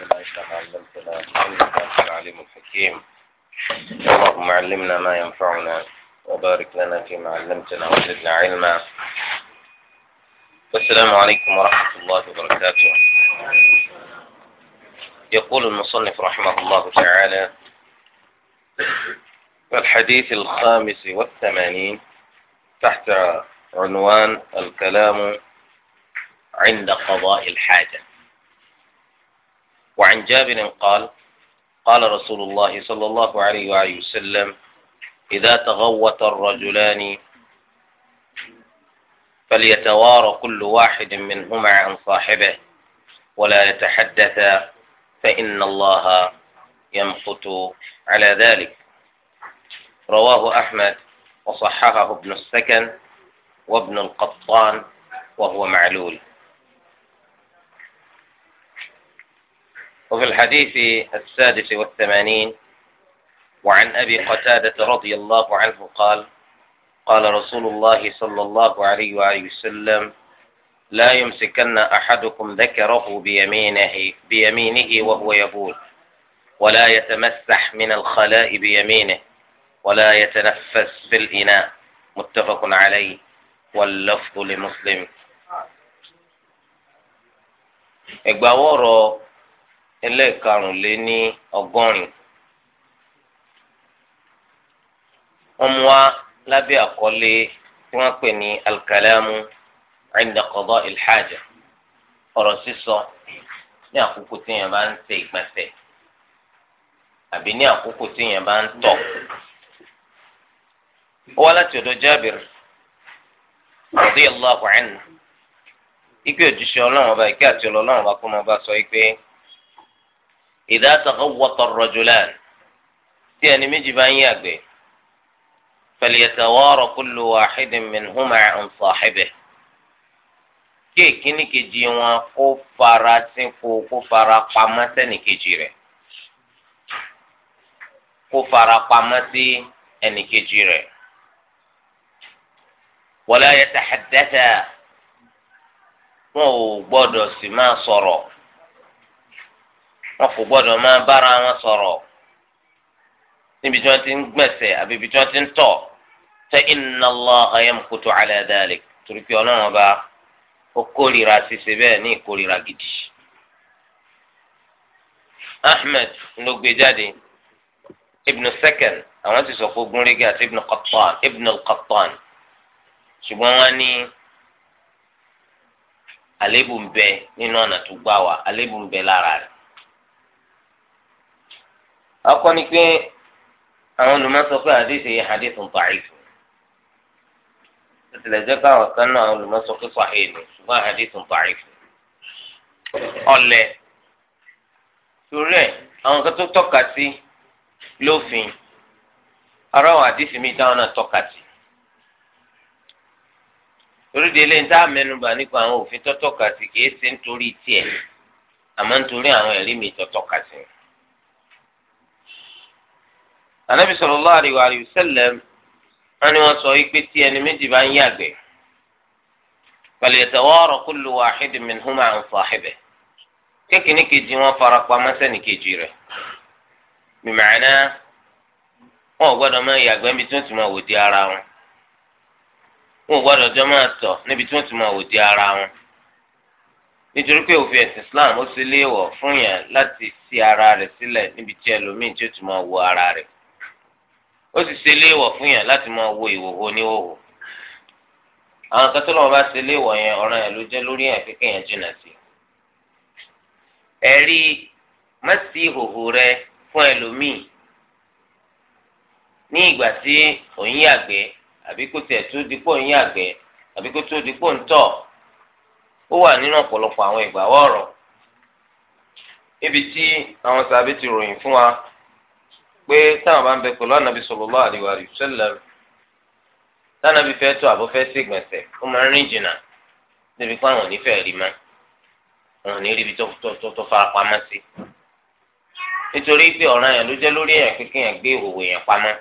بما علمتنا إنك العليم الحكيم اللهم علمنا ما ينفعنا وبارك لنا فيما علمتنا وزدنا علما والسلام عليكم ورحمة الله وبركاته يقول المصنف رحمه الله تعالى في الحديث الخامس والثمانين تحت عنوان الكلام عند قضاء الحاجة وعن جابر قال قال رسول الله صلى الله عليه وآله وسلم إذا تغوت الرجلان فليتوارى كل واحد منهما عن صاحبه ولا يتحدث فإن الله يمقت على ذلك رواه أحمد وصححه ابن السكن وابن القطان وهو معلول وفي الحديث السادس والثمانين وعن أبي قتادة رضي الله عنه قال قال رسول الله صلى الله عليه وآله وسلم لا يمسكن أحدكم ذكره بيمينه بيمينه وهو يبول ولا يتمسح من الخلاء بيمينه ولا يتنفس في الإناء متفق عليه واللفظ لمسلم إقباورو ẹlẹ́ẹ̀karùnléní ọgọ́rin wọ́n mú wa lábẹ́ àkọlé tí wọ́n pè ní alkalamu inda qada' ọ̀rọ̀ sísọ ní àkókò tí yẹn bá ń àbí ní àkókò tí yẹn bá ń tọ̀ ó wá láti ọ̀dọ̀ Jábìr radiyallahu anhu ikú ọlọ́run ọba ìkí àti ọlọ́run ọba kó máa bá sọ idha taghawwata ar-rajulan tí ẹni méjì bá ń yàgbẹ́ falyatawara kullu wahidin minhuma an sahibihi kí èkíní kejì wọn kó fara sínkó kó fara pamọ́ sẹ́nì kejì rẹ̀ kó fara pamọ́ sí ẹnì kejì rẹ̀ wala yatahaddatha wọn ò gbọ́dọ̀ sì máa sọ̀rọ̀ wọn kò gbọ́dọ̀ máa bára wọn sọ̀rọ̀ níbi tí wọn ti ń gbẹ̀sẹ̀ àbí ibi tí wọn ti ń tọ̀ tẹ inna Allaha yamkutu ala dhalik torí pé Ọlọ́run ọba ó kórìíra ṣíṣe bẹ́ẹ̀ ní ìkórìíra gidi. Ahmed ló gbé jáde Ibn Sakan àwọn ti sọ pé gúnrégé àti Ibn Qattan Ibn al-Qattan wọn ní àlébù ń bẹ nínú ọ̀nà tó gbà wá àlébù ń bẹ lára rẹ̀. akọ ni pé àwọn olùmọ̀sọ pé àdéhìí àdéhùn báyìí tẹ̀lẹ̀ káwọn kan náà olùmọ̀sọ pé sàhìn ni ṣùgbọ́n àdéhùn báyìí ọ̀lẹ̀ torí ẹ̀ àwọn kan tó tọ́ka sí lófin ara àwọn mi dáhùn náà tọ́ka sí torí délé ń tá a anabi sallallahu alaihi wasallam wọn ni wọn sọ wípé tí ẹni méjì bá ń yàgbẹ́ falyatawara kullu wahidin minhuma an sahibihi kékeré kejì wọn fara pamọ́ sẹ́ni kejì rẹ̀ bìmọ̀ọ́nà wọn ò gbọ́dọ̀ máa yàgbẹ́ níbi tí ti máa wò di ara wọn wọn ò gbọ́dọ̀ jọ máa tọ̀ níbi tí wọ́n ti máa wò di ara wọn nítorí pé òfin Islam ó sì fún yàn láti ó sì ṣe léèwọ̀ fún yàn láti máa wo ìhòhò oníhòhò àwọn kan tó lọ́wọ́ bá ṣe léèwọ̀ yẹn ọ̀ràn yẹn ló jẹ́ lórí yẹn pé kéèyàn jìnnà sí i ẹ̀rí má sí ìhòhò rẹ fún ẹlòmíì ní ìgbà tí òun yàgbẹ́ àbí kó tiẹ̀ tó dípò òun yàgbẹ́ àbí kó tó dípò ń ó wà nínú ọ̀pọ̀lọpọ̀ àwọn ìgbà wọ̀ọ̀rọ̀ níbi tí àwọn sàbẹ̀ ti ròyìn fún wa pé táwọn bá ń bẹ pẹ̀lú ànábi sallallahu alaihi wa sallam tánàbí fẹ́ tó àbọ̀ fẹ́ ṣègbọ̀nsẹ̀ ó máa ń rìn jìnnà níbi pé àwọn onífẹ́ rí mọ́ àwọn onírí ibi tó fara pamọ́ sí nítorí pé ọ̀ràn yẹn ló jẹ́ lórí èèyàn pé kéèyàn gbé ìhòòhò yẹn pamọ́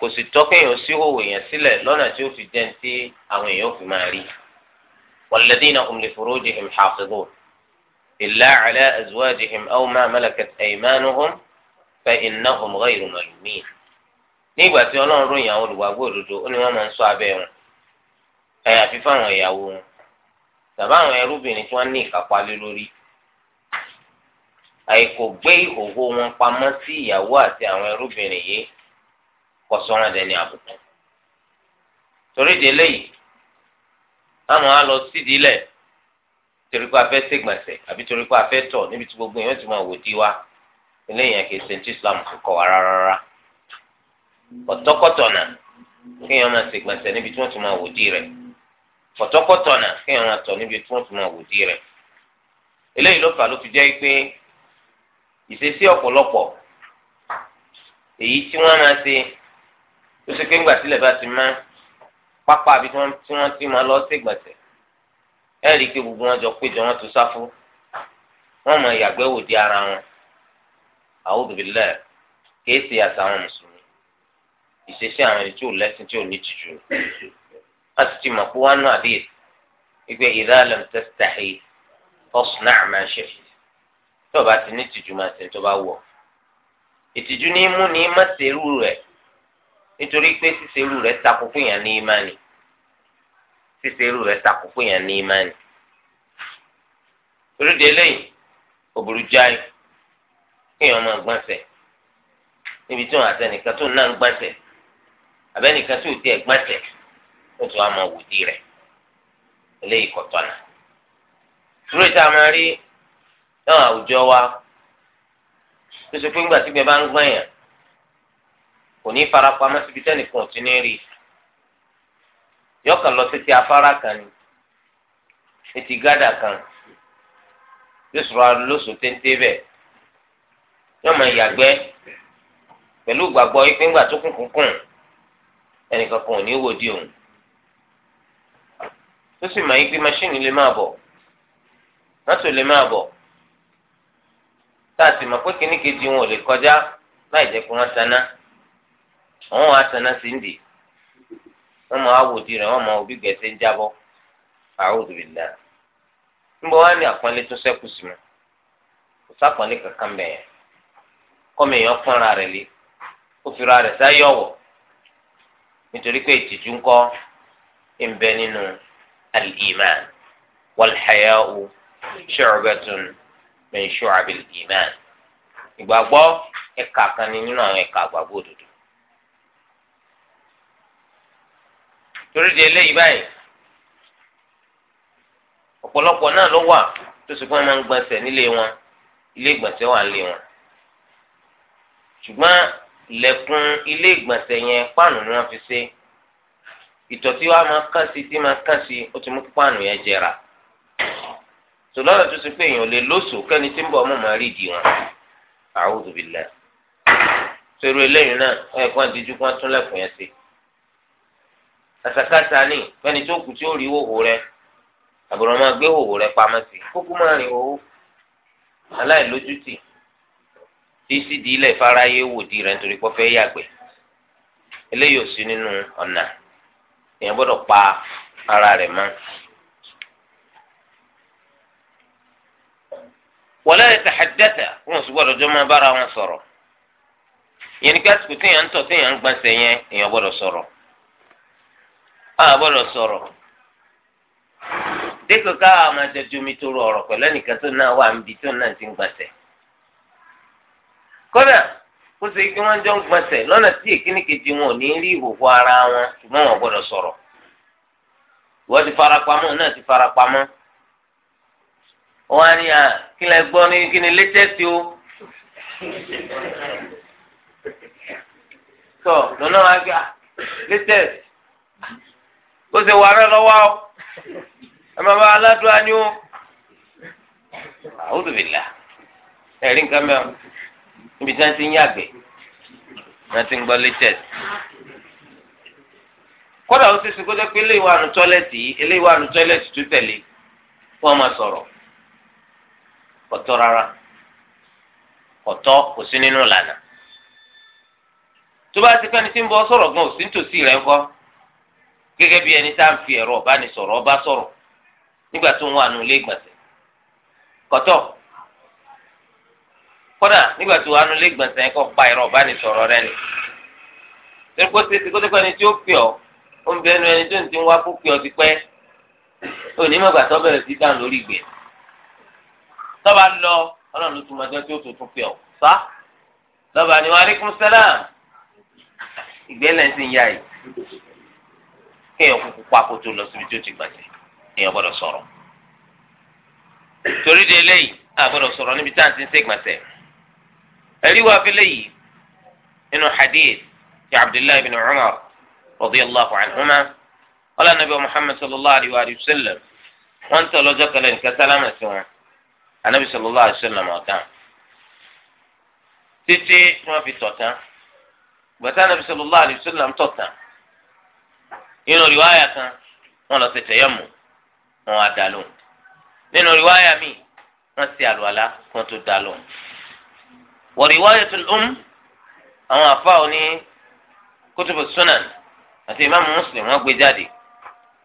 kò sì tọ́ kéèyàn sí ìhòòhò yẹn sílẹ̀ lọ́nà tí ó fi jẹ́ tí àwọn èèyàn fi máa rí walladhina hum li furujihim hafidhun illa ala azwajihim aw ma malakat aymanuhum fa innahum ghayru malumin ní ìgbà tí ọlọ́run ròyìn àwọn olùwàgbọ́ òdodo ó ní wọ́n máa ń ṣọ́ abẹ́ wọn àyàfi fáwọn ìyàwó wọn tàbá àwọn ẹrúbìnrin tí wọ́n ní ìkápá lé lórí àìkò gbé ìhòòhò wọn pamọ́ sí ìyàwó àti àwọn ẹrúbìnrin yìí kò sọ́ràn dẹni àbùkù torí délé yìí táwọn á lọ sídìí torí pé a fẹ́ ṣègbọ̀nsẹ̀ àbí torí pé a fẹ́ tọ̀ níbi tí gbogbo èèyàn ti máa wò di wa. eléyìí yẹn kì í ṣe tí islam kọkọ kọ́ wa rárá rárá pọ̀tọ́kọ̀tọ̀nà kéèyàn máa ṣe gbọ̀nsẹ̀ níbi tí wọ́n ti máa wò di rẹ̀ pọ̀tọ́kọ̀tọ̀nà kéèyàn máa níbi tí ti máa wò di eléyìí ló fà ló fi jẹ́ pé ìṣesí ọ̀pọ̀lọpọ̀ èyí lọ sí gbọ̀nsẹ̀ ẹ̀ rí i pé gbogbo wọn jọ péjọ wọn tó ara wọn a'udhu billah kìí ṣe àṣà àwọn mùsùlùmí ìṣesí àwọn ẹni tí ò lẹ́sìn tí ò ní tìjú a sì ti mọ̀ pé wọ́n á nú àdéhìí wípé idha lam tastahi fasna' ma shi'ta tí o bá ti ní tìjú máa ṣe tó bá wọ̀ ìtìjú ní mú ní má ṣerú rẹ̀ nítorí pé ṣíṣerú rẹ̀ takò fún yàn ní ìmánì ṣíṣerú rẹ̀ takò fún yàn ní ìmánì. torí de eléyìí òbúrú jáì kéèyàn máa gbọ̀nsẹ̀ níbi tí wọn àtẹnìkan tó náà ń gbọ̀nsẹ̀ àbẹ́nìkan tó tiẹ̀ gbọ̀nsẹ̀ ó tún á máa wò di rẹ̀ eléyìí kọ̀ tọ́nà. a máa rí náà àwùjọ wa tó ṣe pé ńgbà tí kò ní farapamọ́ lọ sí ti kan ni kan yóò sọ̀rọ̀ lóṣù yóò máa yàgbẹ́ pẹ̀lú gbàgbọ́ yìí pé ńgbà tó kún kúnkún ẹnìkan kan ò ní wò di òun tó sì máa yí pé máṣíìnì lè máa bọ̀ mọ́tò lè máa bọ̀ tá a sì mọ̀ pé kíní kejì wọn ò lè kọjá láì jẹ́ pé wọ́n saná saná sí ń dì wọ́n máa rẹ̀ wọ́n máa kọ́mi èèyàn fúnra rẹ̀ lé ó fira rẹ̀ sáyé ọ̀wọ̀ nítorí pé ìtìjú ńkọ́ ń bẹ nínú al-iman wal-haya'u shu'batun min iman ìgbàgbọ́ ẹ̀ka kan ni nínú àwọn ẹ̀ka àgbàgbọ́ òdodo. torí di eléyìí báyìí ọ̀pọ̀lọpọ̀ náà ló wà tó sì fún wọn máa ń gbọ̀nsẹ̀ nílé wọn ilé ìgbọ̀nsẹ̀ wà ṣùgbọ́n lẹ̀kùn ilé ìgbọ̀nsẹ̀ yẹn páànù ni wọ́n fi ṣe ìtọ̀tí wa máa kàn sí tí máa ti mú kí si yẹn jẹrà sọlọ́dọ̀ tó ṣe pé èèyàn lè lóṣù kẹ́ni tí ń bọ̀ ọmọ màá rí ìdí wọn a'udhu billah sọ̀rọ̀ eléyìí náà ẹ̀kọ́ àdíjú kan tún lẹ̀kùn yẹn ni tó kù tí ó rí hòhò rẹ àbùrọ̀ máa gbé hòhò rẹ pamọ́ sí tíṣì di ilẹ̀ faraye wò di rẹ̀ nítorí pọ́fẹ́ yàgbẹ́ eléyìí ò sí nínú ọ̀nà èèyàn gbọ́dọ̀ pa ara rẹ̀ mọ́. wọlé ìtàhàdẹ́tà wọn sì jọ máa bára wọn sọ̀rọ̀ ìyẹn ní kásìkò téèyàn ń tọ̀ téèyàn ń yẹn èèyàn gbọ́dọ̀ sọ̀rọ̀ a gbọ́dọ̀ sọ̀rọ̀ jomitoro ọ̀rọ̀ pẹ̀lú ẹnìkan tó náà ti ń kódà ó ṣe kí wọ́n jọ ń gbọ̀nsẹ̀ lọ́nà tí èkíní kejì wọn ara wọn ṣùgbọ́n wọn gbọ́dọ̀ sọ̀rọ̀ wọ́n ti farapamọ́ náà ti farapamọ́ wọ́n á ní à kí lẹ gbọ́ ní kí ni o tọ lọ́nà wa gbà létẹ́sì ó ṣe wàrà lọ́wọ́ o ẹ máa bá aládùn á ní o níbi tí wọ́n ti ń yàgbẹ́ wọ́n ti ń gbọ́ latest kódà ó ti sìn kó jẹ́ pé eléyìí wà nù tọ́lẹ̀tì yìí eléyìí wà nù tọ́lẹ̀tì tó tẹ̀lé kó wọ́n máa sọ̀rọ̀ ọ̀tọ̀ rárá ọ̀tọ̀ kò sí nínú ìlànà tó bá ti pẹ́ni tí ń bọ́ sọ̀rọ̀ gan nítòsí rẹ̀ gẹ́gẹ́ bí ẹni tá à ń fi ẹ̀rọ ọ̀bánisọ̀rọ̀ ọba sọ̀rọ̀ nígbà tó ń wà nù ilé ìgbọ̀nsẹ̀ kódà nígbà tí wàá nulẹ̀ gbọ̀nsẹ̀ yẹn kọ́ pa ẹ̀rọ ọ̀bá ni sọ̀rọ̀ rẹ ni. torí kó tètè kótó kan ni tí ó pè ọ́ ó ń bẹ ẹnu ẹni tó ń ti wá kó pè ọ́ ti pẹ́ òní mọ̀gbà tó bẹ̀rẹ̀ sí dáhùn lórí ìgbẹ́. tọ́ba lọ ọlọ́run ló túmọ̀ ẹjọ́ tí ó tuntun pè ọ́ sá lọ́ba ni wàá aleikum salam ìgbẹ́lẹ̀ ń sìn yá yìí kéèyàn kúkú kó akoto lọ síbi tí ó ti gbàjẹ́ èèyàn gbọ́dọ̀ sọ̀rọ̀ torí de eléyìí àgbọ́dọ̀ sọ̀rọ̀ níbi tá à ń ti ń ṣègbọ̀nsẹ̀ ẹ̀rí wa fi léyìí nínú hadith ti abdullahi bin umar radiyallahu anhuma ọlá nàbẹ muhammad sallallahu alayhi wa sallam wọn tẹ lọ́jọ́ kẹlẹ nìkan sálámà sí wọn anabi sallallahu alayhi wa sallam ọ̀tàn títí tí wọn fi tọ̀tàn gbàtà anabi sallallahu alayhi wa sallam tọ̀tàn nínú riwaayà kan wọn lọ sí tẹyẹmù wọn á dá nínú riwaayà míì wọn sì àlùwàlá wọn tó dá wa riwayatul umm àwọn àfa òní kutubu sunan àti imaamu muslim wọ́n gbé jáde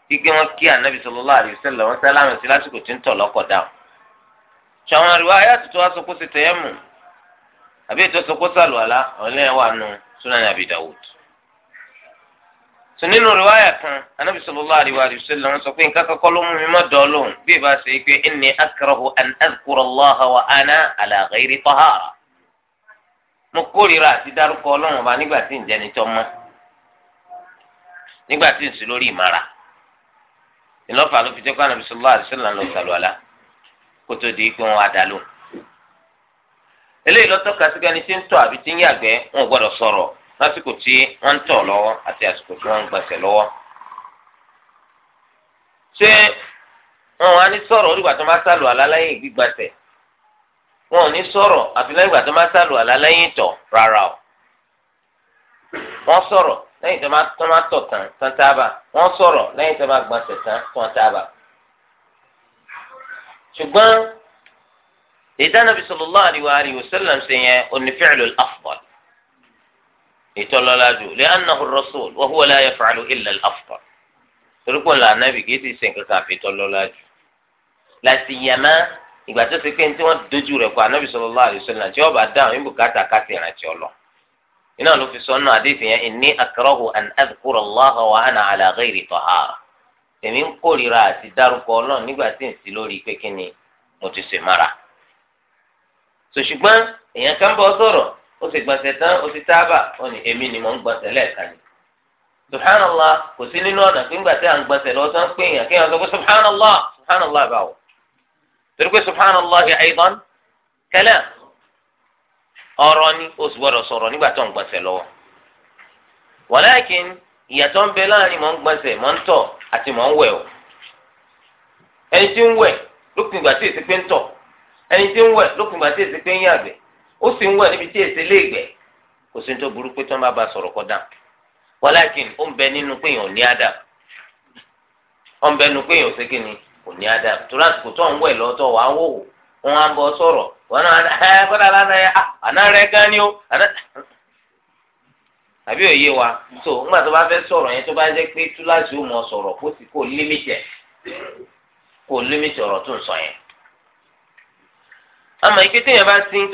gbígbé wọn kí anabi sallallahu alayhi wa sallam wọn sálámù sí lásìkò tí ń tọ̀ lọ́kọ̀ dáhùn. sọ̀wọ́n àríwá ayé àtútù wa sọ́kó sí tẹ̀yẹ́mù àbí ètò sọ́kó sàlùwàlá ọ̀lẹ́ wà nù sunan abi dawud. sọ nínú riwaya kan anabi sallallahu alayhi wa sallam wọn sọ pé nǹkan kọ́kọ́ ló mú mi má dọ̀ lóhùn bí ìbá ṣe pé inni akrahu an adhkura allaha wa ana ala ghairi tahara mo kórìíra àti dárúkọ ọlọ́run ọba nígbà tí ń jẹni tọ́ mọ́ nígbà tí ń sùn lórí ìmara ìlọ́fà ló fi jẹ́ kwana bisalòlá àdìsílà ló sàlùwàlà kó tó di pé wọ́n á dá lò. eléyìí lọ́tọ́ kásíkà ni tí ń tọ̀ àbí tí ń yàgbẹ́ wọn ò gbọ́dọ̀ sọ̀rọ̀ lásìkò tí wọ́n ń tọ̀ lọ́wọ́ àti àsìkò tí wọ́n ń gbọ̀nsẹ̀ lọ́wọ́. ṣé wọn wá ní sọ̀rọ̀ orí wọn ò ní sọ̀rọ̀ àfi lẹ́yìn ìgbà tó máa sálù àlá lẹ́yìn ìtọ̀ rárá o wọ́n sọ̀rọ̀ lẹ́yìn tó máa tó máa tọ̀ tán tán tábà wọ́n sọ̀rọ̀ lẹ́yìn tó máa gbọ̀nsẹ̀ tán tán tábà. ṣùgbọ́n ìdánabi sallallahu alaihi wa alihi wa sallam ṣe yẹn oní fi'lul afdal ìtọ́lọ́lá jù li'annahu ar-rasul wa huwa la ìgbà tó ti pé ní tí wọ́n dojú rẹ̀ kọ anábì sallallahu alaihi wasallam tí ọba dáhùn yín bùkátà káàtì ìrántí ọlọ iná ló fi àdéhùn yẹn an adhkura Allaha wa ana ala ghairi tahara èmi ń kórìíra àti dárúkọ Ọlọ́run nígbà tí ń sí lórí pé kí ti sè mara sòṣùgbọ́n èèyàn kan bọ́ sọ̀rọ̀ ó sì gbọ̀nsẹ̀ tán ó sì tábà ó ní èmi ni mò ń gbọ̀nsẹ̀ lẹ́ẹ̀kan ni subhanallah kò sí nínú ọ̀nà pé ńgbà tí torí pé subhanallahi aydan kalam ọrọ ni ó sì gbọ́dọ̀ sọ̀rọ̀ nígbà tó ń gbọ̀nsẹ̀ walakin ìyàtọ̀ ń bẹ láàrin mọ̀ ń gbọ̀nsẹ̀ mọ̀ ń tọ̀ o ẹni tí ń wẹ̀ lópin ìgbà tí èsì pé ń tọ̀ ẹni tí ń wẹ̀ lópin ìgbà tí bẹ kò ní adam torí àsìkò tó ń wẹ̀ lọ́tọ̀ wà á wò wọn á bọ sọ̀rọ̀ wọn náà ẹ kọ́dà lánàá àná rẹ gan ni o àbí òye wa tó ńgbà tó bá fẹ́ sọ̀rọ̀ yẹn tó bá jẹ́ pé túláàsì ó mọ sọ̀rọ̀ kó sì kó kó ọ̀rọ̀ tó ń sọ yẹn. àmọ́ ike tí yẹn bá sin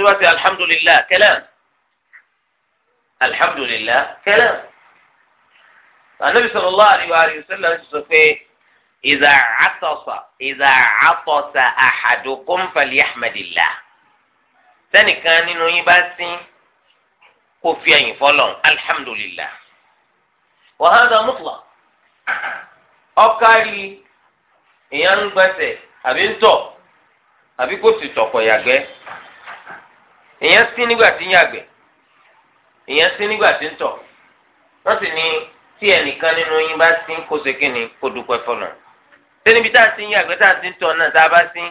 ìzà àtọ̀sà ìzà àtọ̀sà ahadukum falyahmadillah sẹ́nìkan nínú yín bá sín kó fi ẹ̀yìn fọlọ́n alhamdulillah wa hadha mutlaq ọ̀kárí èèyàn ń gbẹ̀sẹ̀ àbí ń tọ̀ àbí kò sì tọ̀pọ̀ yàgbẹ́ èèyàn sín nígbà tí ń yàgbẹ́ èèyàn sín nígbà tí ń tọ̀ wọ́n sì ní tí ẹnìkan nínú yín bá sín kó ṣe kí ni kó dúpẹ́ fọlọ́n. ṣé níbi tá a ti ń yàgbẹ́ tá a ti ń tọ̀ náà tá a bá sí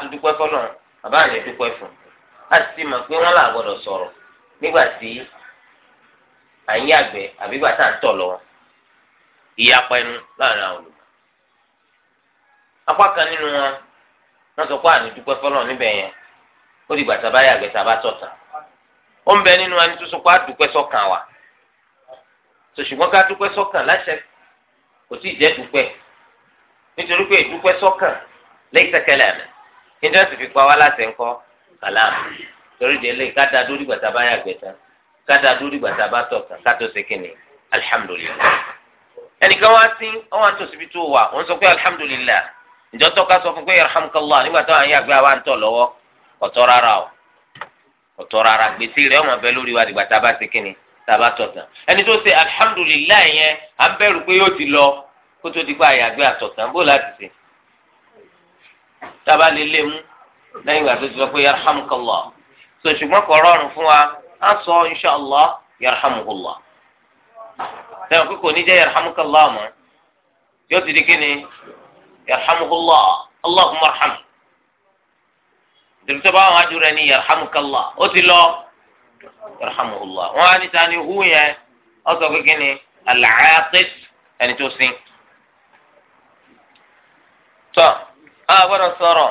tún dúpẹ́ fọlọ́ àyẹ̀ dúpẹ́ fún a sì mọ̀ pé wọ́n là gbọ́dọ̀ sọ̀rọ̀ nígbà tí à ń yàgbẹ́ àbí gbà tá tọ̀ lọ ìyapa ẹnu láàrin àwọn olùkọ́ apá kan nínú wọn wọn sọ pé àní dúpẹ́ fọlọ́ níbẹ̀ yẹn ó tá a bá tọ̀ ó ń bẹ sọ pé a dúpẹ́ wa nítorí pé ìdúpẹ́ sọ́kàn lẹ́yìn kẹlẹ́mẹ̀ níjọ́ sì fi pa wá láti ńkọ́ kàlámù torí délé káda dúró dìgbàtà bá yàgbẹ́ tán káda dúró dìgbàtà bá tọ̀ tán kátó ṣe kínní alihamudulilayi ẹnìkan wá sí ọwọ́ àtúnṣe bí tó wà òun sọ pé alihamudulilayi ǹjọ́ tọ́ka sọ fún pé yarhamukallah nígbà táwọn ayé àgbẹ̀ wa ń tọ̀ lọ́wọ́ ọ̀tọ̀ rárá o ọ̀tọ̀ rárá gbèsè rẹ̀ ọmọ bẹ lórí wa dìgbà bá ṣe kínní tá a ẹni tó ṣe alihamudulilayi yẹn à pé yóò ti lọ kótó di pa àyàgbé àtọ̀tàn bó láti ṣe tába lè lé mú lẹ́yìn ìgbà tó ti sọ pé yarhamukallah so ṣùgbọ́n kò rọrùn fún wa á sọ inṣàlá yarhamukallah sẹ́wọ̀n pé kò ní jẹ́ yarhamukallah mọ́ yóò ti di kí ni yarhamukallah allahumma arham dèrè tó bá wọn adúrà ní yarhamukallah ó ti lọ yarhamukallah wọn á ní sani hu yẹn ó sọ pé kí ni alaaqis ẹni tó sìn tọ́ a gbọ́dọ̀ sọ̀rọ̀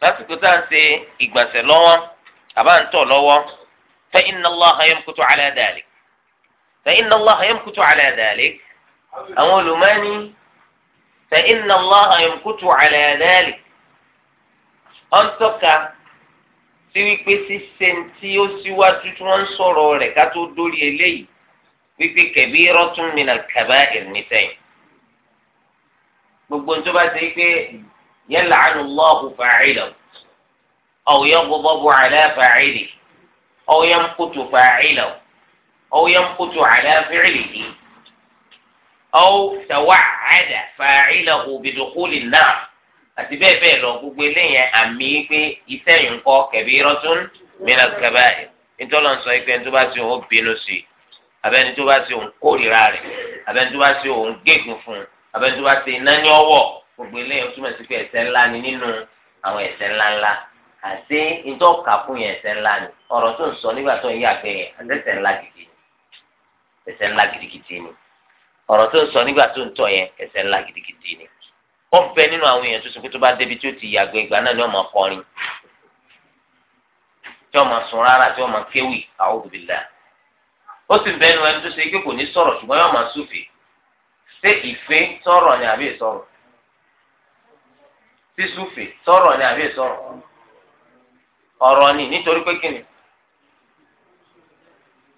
lásìkò tá à ń ṣe ìgbọ̀nsẹ̀ lọ́wọ́ àbá ń tọ̀ lọ́wọ́ fa inna Allaha yamkutu ala dhalik fa inna Allaha yamkutu ala dhalik àwọn olùmọ́ni fa inna Allaha yamkutu ala dhalik ọ̀n tọ́ka sí wípé ṣíṣe tí ó síwájú tí wọ́n ń sọ̀rọ̀ rẹ̀ ká tó dórí eléyìí wípé kabiratun minal kaba'ir nìsẹ́yìn gbogbo tó bá ṣe pé yal'anu Allahu fa'ilahu aw yaghdabu ala fa'ilihi aw yamqutu fa'ilahu aw yamqutu ala fi'lihi aw tawa'ada fa'ilahu bidukhuli an-nar àti bẹ́ẹ̀ bẹ́ẹ̀ lọ gbogbo eléyẹn àmì pé iṣẹ́ yìí ń kọ́ kabiratun minal kaba'ir nítorí wọn sọ pé ẹni bínú sí i àbẹ́ni tó bá ṣe òun rẹ̀ àbẹ́ni tó bá ṣe òun gégùn fún un abẹ́tí wá ṣe iná ní ọwọ́ gbogbo eléyìí túmọ̀ sí pé ẹ̀ṣẹ̀ ńlá ni nínú àwọn ẹ̀ṣẹ̀ ńláńlá àti ìtọ́ka fún yẹn ẹ̀ṣẹ̀ ńlá ni ọ̀rọ̀ tó ń sọ nígbà tó ń yà pé ẹ̀ṣẹ̀ ńlá gidi ni ẹ̀ṣẹ̀ ńlá gidigidi ni ọ̀rọ̀ tó ń sọ nígbà tó ń tọ̀ yẹn ẹ̀ṣẹ̀ ńlá gidigidi ni ó ń bẹ nínú àwọn èèyàn tó sọ pé tó bá débi tí ti yàgbé ìgbà náà ni ó máa kọrin tí ó máa sun rárá tí ó máa kéwì a'udhu billah ó sì bẹ́ẹ̀ nu ẹni tó ṣé ìfẹ́ sọ̀rọ̀ ni àbí sọ̀rọ̀ sísúfè sọ̀rọ̀ ni àbí ọ̀rọ̀ ni nítorí pé kíni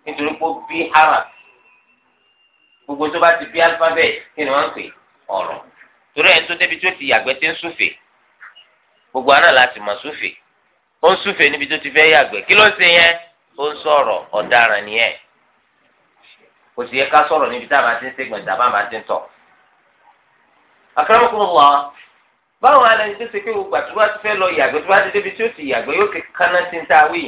nítorí pé bí ara gbogbo tó bá ti bí alifábẹ́ẹ̀ kíni wọ́n ń pè ọ̀rọ̀ torí ẹ̀ tó débi tó ti yàgbẹ́ tí gbogbo mọ̀ súfè ó ń súfè níbi ti fẹ́ yàgbẹ́ kí ló ń ṣe yẹn ó ń sọ̀rọ̀ ọ̀daràn kò sì yẹ ká sọ̀rọ̀ níbi tá a máa ti ń ṣègbọ̀n ìjà bá máa ti ń tọ̀. àkàràmọ́kùn wà á báwọn alẹ́ ní tó ṣe pé gbogbo àtúwá ti fẹ́ lọ yàgbẹ́ tó bá ti débi tí ó ti yàgbẹ́ yóò ké kaná sí ń ta wí.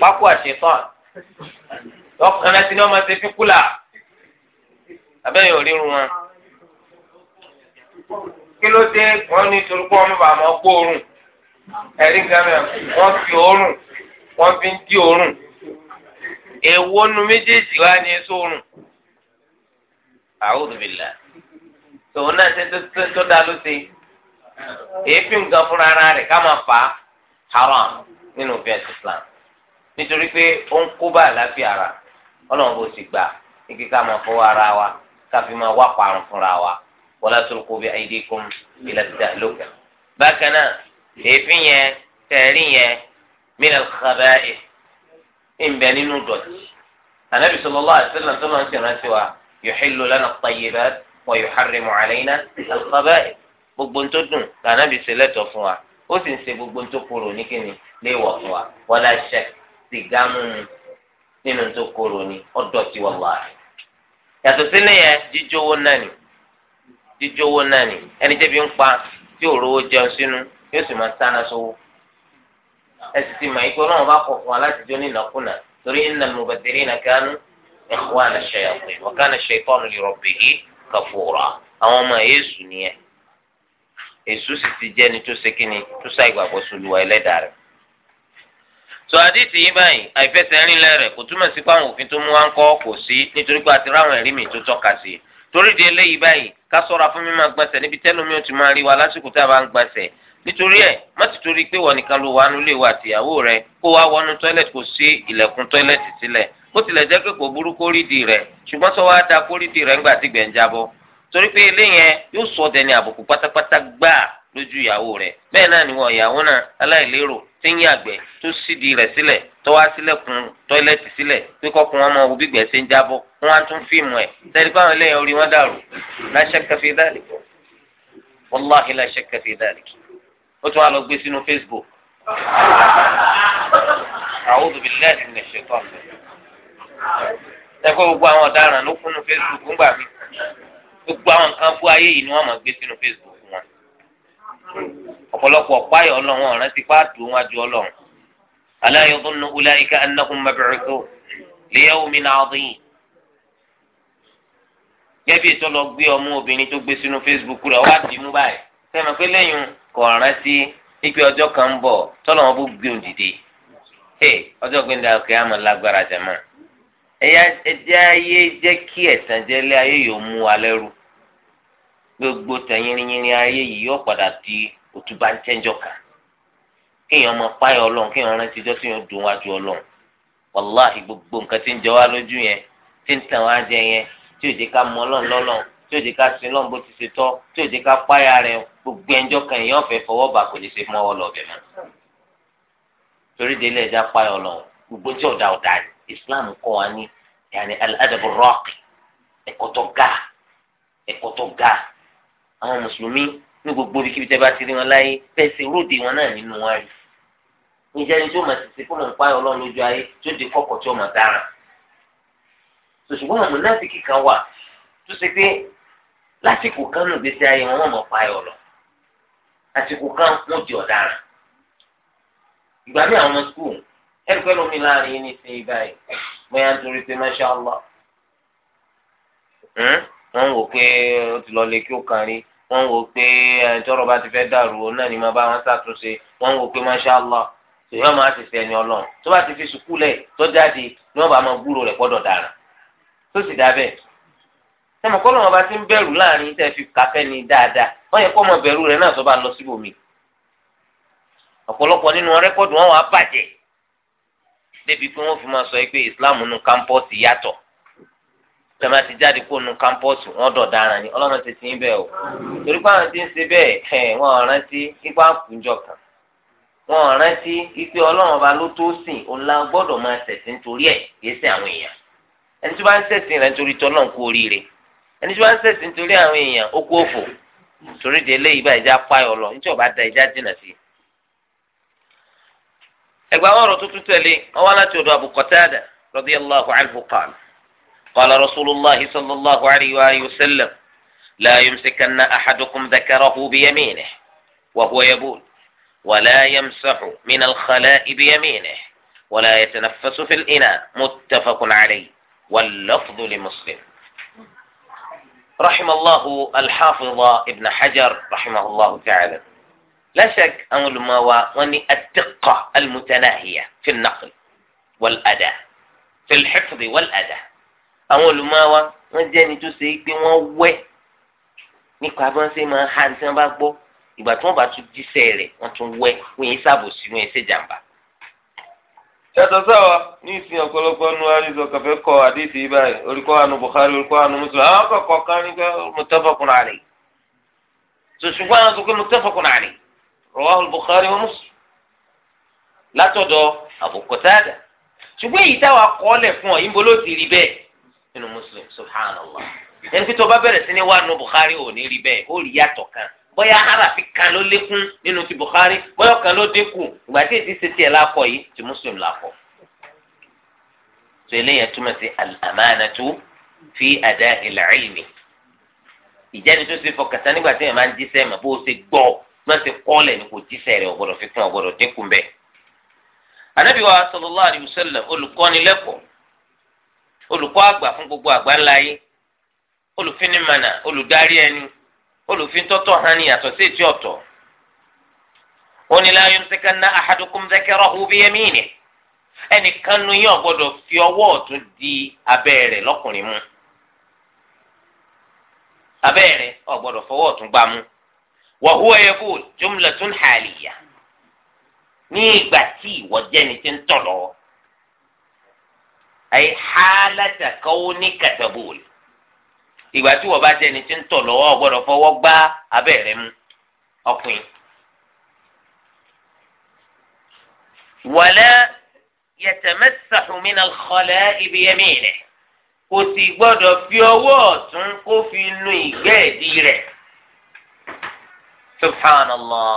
pákó àṣetán lọ́kànnà tí wọ́n máa ṣe fi kúlà abẹ́yẹ̀ òrírun wọn. kí ló dé wọ́n ní torí pé wọ́n mú bàmọ́ gbóòórùn ẹ̀rí gàmẹ̀ wọ́n fi òórùn wọ́n fi ń dí òórùn èwo nu méjèèjì wá ní sórùn a'udhu billah tòun náà ṣe tó dá ló ṣe èéfín nǹkan fúnra ara rẹ̀ ká máa fà á haram nínú òfin ẹ̀sìn Islam nítorí pé ó ń kó bá àlàáfíà ara ọlọ́run bó ti gbà igi ká máa fọwọ́ ara wa ká fi máa wá parun fúnra wa wala tulqu bi aydikum ila tahluka bákan náà èéfín yẹn tẹ̀rí yẹn min al ìbẹ nínú dọ̀tí ànábì sallallahu alaihi tó máa ń ṣèrántí wa lana at wa yuharrimu alayna al-khaba'ith gbogbo ń dùn ànábì ṣe fún wa ó sì ń ṣe gbogbo ń tó ní kíni léèwọ̀ fún wa wala shak sìgá mímu nínú tó korò ní ọ̀dọ̀ tí wallahi yàtọ̀ sílẹ̀ jíjówó jíjówó ẹni jẹ́bi ń pa tí jẹun sínú yóò sì máa sówó ẹsì ti mọ̀ yìí pé ọlọ́run bá kọ̀ fún wa láti jó ní ìnákúnà torí innal mubadhirina kanu ikhwana shayatin wa kana shaytanu li rabbihi kafura àwọn ọmọ Yésù nìyẹn Èṣù sì ti jẹ́ni tó ṣe kíni tó sá ìgbàgbọ́ sóluwa ẹlẹ́dàá rẹ̀ tó àdìsí yìí báyìí àìfẹsẹ̀ rinlẹ̀ rẹ̀ kò túmọ̀ sí pé àwọn òfin tó mú wa ń kọ́ kò sí nítorí pé àti ráwọn ẹ̀rí mi tó tọ́ka sí i torí di eléyìí báyìí ká sọ̀rọ̀ fún máa gbọ̀nsẹ̀ níbi tẹ́lómi ò ti máa rí wa lásìkò tá a bá ń gbọ̀nsẹ̀ nítorí ẹ má ti torí pé wọn nìkan ló wà nínú ilé wa àtìyàwó rẹ kó wá wọnú tọ́lẹ̀tì kò sí ilẹ̀kùn tọ́lẹ̀tì sílẹ̀ bó tilẹ̀ jẹ́ pé kò burú kórìdì rẹ̀ ṣùgbọ́n sọ wá da kórìdì rẹ̀ ńgbà tí gbẹ̀ ń jábọ́ torí pé ilé yẹn yóò sọ dẹni àbùkù pátápátá gbáà lójú ìyàwó bẹ́ẹ̀ náà ni wọn ìyàwó náà aláìlérò tí ń yàgbẹ́ tó sídi rẹ̀ sílẹ̀ tó wá sílẹ̀kùn tọ́ílẹ̀tì sílẹ̀ pé kọ́kùn wọn mọ wo gbígbẹ́ ṣe ń jábọ́ wọn á tún fíìmù ẹ̀ la la ó tún wà lọ gbé sínú Facebook a'udhu billahi minash shaitan ẹ̀kọ́ gbogbo àwọn ọ̀daràn ló kúnnú Facebook ń gbà mí gbogbo àwọn nǹkan fún ayé yìí ni wọ́n máa gbé sínú Facebook wọn ọ̀pọ̀lọpọ̀ páyọ̀ ọlọ́run ọ̀rẹ́ ti pa àdùn wájú ọlọ́run ala yadhunnu ulaika annahum mab'uthun li yawmin 'adhim gẹ́bí ètò gbé ọmọ obìnrin tó gbé sínú Facebook rẹ̀ wá dì í mú báyìí sẹ́mi pé lẹ́yìn kò rántí ipe ọjọ́ kan ń bọ̀ tọ́lọ̀ wọn bó gbé òun dìde ọjọ́ gbẹ̀ndà òkè àmọ́ lágbára jẹ̀mọ́ ayé jẹ kí ẹ̀sán jẹ́lé ayé yóò mú wa gbogbo tẹ̀yìnrìnyìnrìn ayé yìí yóò padà di òtúbà ń kan kéèyàn kéèyàn rántí tí yóò dùn wájú wàláhì gbogbo nǹkan tí ń jẹ wá lójú yẹn tí ń tàn wá jẹ yẹn tí tí òjì ká sin lọ́n bó ti ṣe tọ́ tí òjì ká páyà rẹ gbogbo ẹjọ́ kan èèyàn fẹ́ fọwọ́ bá kò lè ṣe mọ́ ọ lọ mọ́. torí délé ẹja páyà ọlọ́run gbogbo tí ọ̀dà ọ̀dà Islam kọ́ wa ní yàní al-adab raqi ẹ̀kọ́ tó ga ẹ̀kọ́ tó ga àwọn mùsùlùmí ní gbogbo ibi kíbi tẹ́ bá ti rí wọn láyé fẹ́ẹ́sì róòdì wọn náà nínú wọn rí níjẹ́ ni tí ó máa ti ṣe fún ọ̀pá ọlọ́run lójú ayé tí ó di kọ́kọ́ tí ó máa dára ṣùgbọ́n àwọn kan wà tó ṣe pé lásìkò kan nù gbèsè ayé wọn wọn mọ fáyọ lọ àsìkò kan wọn di ọ̀daràn ìgbà mi àwọn ọmọ skul ẹnìkan lómi láàrin yín ní sin báyìí bóyá nítorí pé masha allah hm? wọn wò pé ó ti lọ lè kí ó kàn rí wọn wò pé tọrọ bá ti fẹ́ dàrú òun náà ni máa bá wọn ṣàtúnṣe wọn wò pé masha allah tòyọ́ máa ti fẹ́ ẹni ọlọ́run tó bá ti fi sùkúlẹ̀ tó jáde ni wọ́n bá máa gbúrò rẹ̀ gbọ́dọ̀ dára tó sì dá ẹmọ kọ́ lọ́wọ́ bá ti ń bẹ̀rù láàrin tẹ́ fi kàfẹ́ ni dáadáa wọ́n yẹ kó ọmọ bẹ̀rù rẹ̀ náà bá lọ síbòmí ọ̀pọ̀lọpọ̀ nínú rẹ́kọ̀dù wọn wà á bàjẹ́ débi pé wọ́n fi máa sọ pé Islam nu kámpọ́ọ̀sì yàtọ̀ ti jáde kó nu kámpọ́ọ̀sì wọ́n dọ̀ ti ti o torí pé àwọn ti ń ṣe bẹ́ẹ̀ ẹ̀ rántí ipa kan rántí ipe ọlọ́run ọba ló tó sìn gbọ́dọ̀ máa ṣẹ̀sìn torí ẹ̀ ṣe àwọn èèyàn ẹni tó bá ẹni tí wọ́n ń sẹ̀sìn nítorí àwọn èèyàn okú òfò torí de eléyìí bá ìjà payọ̀ lọ nítorí ọba da ìjà dínà sí i. ẹgbẹ́ àwọn ọ̀rọ̀ tuntun tẹ̀lé wọn wá láti ọ̀dọ̀ Abu Qatada radiyallahu anhu qala qala rasulullahi sallallahu alayhi wa sallam la yumsikanna ahadukum dhakarahu biyaminihi wa huwa yabul ولا يمسح من الخلاء بيمينه ولا يتنفس في الإناء متفق عليه واللفظ لمسلم rahimallahu alḥafiḍa ibn hajar rahimahullahu ta'ala lẹ́sẹ̀k àwọn olùmọ̀wá wọn ni atiqa almutanahiya fi naql wal ada fi lḥifdi wal ada àwọn olùmọ̀wá wọn jẹ́ ni tó ṣe é pé wọ́n wẹ́ nípa bí wọ́n ṣe máa hàn tí wọ́n bá gbọ́ ìgbà tí wọ́n bá tún jíṣẹ́ rẹ̀ wọ́n tún wẹ́ wọ́n yẹn sábòsí wọ́n yẹn ṣèjàmbá yàtọ̀ sáwà ní ìsìn ọ̀pọ̀lọpọ̀ nu àríṣọ kàfẹ́ kọ àdéhìí yìí báyìí orúkọ àánú Bukhari orúkọ àánú Muslim àwọn kọ̀ọ̀kan kan ní pé muttafaqun alayh ṣùṣùgbọ́n àwọn sọ pé muttafaqun alayh rawahu Bukhari wa Muslim látọ̀dọ̀ Abu Qatada ṣùgbọ́n èyí táwa kọ́lẹ̀ fún ọ yín bolo ti rí bẹ́ẹ̀ nínú Muslim subhanallah ẹni pé tó bá bẹ̀rẹ̀ sí ní wà bóyá harafi kan ló lékún nínú ti Bukhari bóyá kan ló dínkù ìgbà tí èdè ṣe tiẹ̀ lákọ yìí ti Muslim lákọ. sọ eléyà túmọ̀ sí al-amanatu fi ada'il ilmi ìjẹ́ni tó ṣe fọkàtà nígbà tí èèyàn máa ń jíṣẹ́ mọ̀ bó ṣe gbọ́ má ṣe kọ́lẹ̀ ní kò jíṣẹ́ rẹ̀ ọ̀gbọ́dọ̀ fi kún ọ̀gbọ́dọ̀ dínkù bẹ́ẹ̀. Ànábì wa sallallahu alayhi wa sallam olùkọ́ olùfin tọ́tọ̀ hàn ní yàtọ̀ sí ètí ọ̀tọ̀ ó ní la yumsikanna ahadukum dhakarahu biyaminihi ẹnìkan nu yín ọ̀gbọ́dọ̀ fi ọwọ́ ọ̀tún di abẹ́ rẹ̀ lọ́kùnrin mú abẹ́ rẹ̀ ọ̀gbọ́dọ̀ fọwọ́ ọ̀tún gbá mú jumlatun haliyah ní ìgbà tí ìwọ jẹ́ni ti ń tọ̀ lọ́wọ́ ay halata kawnika tabul ìgbà tí wọ́n bá jẹ́ ẹni tí ń tọ̀ lọ́wọ́ ọ̀gbọ́dọ̀ fọwọ́ gbá abẹ́ rẹ̀ mú ọkùnrin. wala yatamassahu min al-khala'i bi kò sì gbọ́dọ̀ fi ọwọ́ ọ̀tún kó fi nu ìgbẹ́ ìdí rẹ̀ subhanallah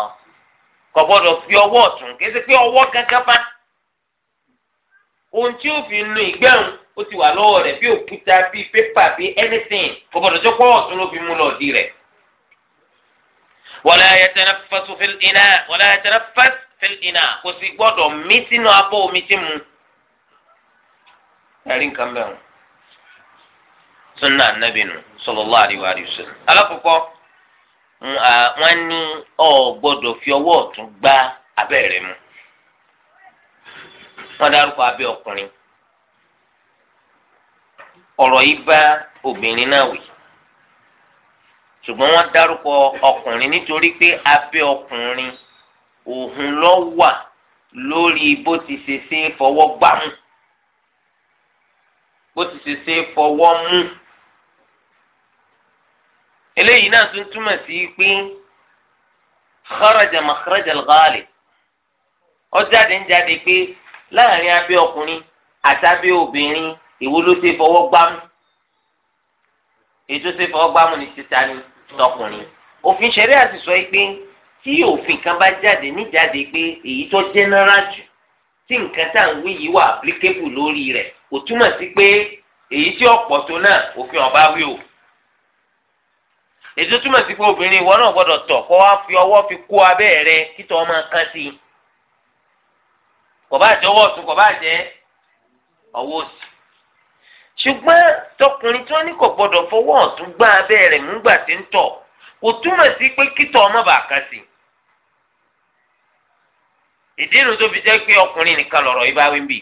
kò gbọ́dọ̀ fi ọwọ́ ọ̀tún kí ẹ ti pé ọwọ́ kankan bá ohun tí ó fi nu ìgbẹ́ òun ó ti wà lọ́wọ́ rẹ̀ bí òkúta bí pépà bí anything kò gbọdọ̀ tó pọ̀ ọ̀tún ló fi mú lọ di rẹ̀. wala yatanaffasu fil ina wala yatanaffas fil ina kò sì gbọdọ̀ mí sínú abọ́ omi tí mu. ẹ̀rí nǹkan bẹ́ẹ̀ o sunna anabinu sallallahu alaihi wa sallam. alákọ̀ọ́kọ́ wọ́n ní ọ gbọdọ̀ fi ọwọ́ ọ̀tún gbá abẹ́ rẹ̀ mu. wọ́n dárúkọ abẹ́ ọkùnrin ọ̀rọ̀ yìí bá obìnrin náà wì ṣùgbọ́n wọ́n dárúkọ ọkùnrin nítorí pé abẹ́ ọkùnrin òun ló wà lórí bó ti ṣe ṣe fọwọ́ gbámú bó ti ṣe ṣe fọwọ́ mú eléyìí náà tún túmọ̀ sí pé kharaja makharaja al-ghalib pé láàrin abẹ́ ọkùnrin àtàbí obìnrin èwo ló ṣe fọwọ́ gbámú èyí tó ṣe fọwọ́ gbámú ni títa ni tọkùnrin òfin ṣẹlẹ̀ àti sọ pé tí òfin kan bá jáde níjáde pé èyí tó jẹnẹra jù tí nǹkan tá à ń wí yìí wà applicable lórí rẹ̀ kò túmọ̀ sí pé èyí tí ọ̀pọ̀ tó náà òfin ọ̀bá wí o ètò túmọ̀ sí pé obìnrin ìwọ náà gbọ́dọ̀ tọ̀ kó wá fi ọwọ́ fi kó abẹ́ rẹ títọ́ ọmọ kan sí i kò bá jẹ́ ọwọ́ ọ̀tún kò bá jẹ́ ọwọ́ òsì ṣùgbọ́n tọkùnrin tí wọ́n ní kò gbọ́dọ̀ fọwọ́ ọ̀tún gbá abẹ́ rẹ̀ múgbà tí ń tọ̀ kò túmọ̀ sí pé kítọ̀ ọmọ bàá kan sí. ìdí inú tó fi jẹ́ pé ọkùnrin nìkan lọ̀rọ̀ yìí bá wí ń bì.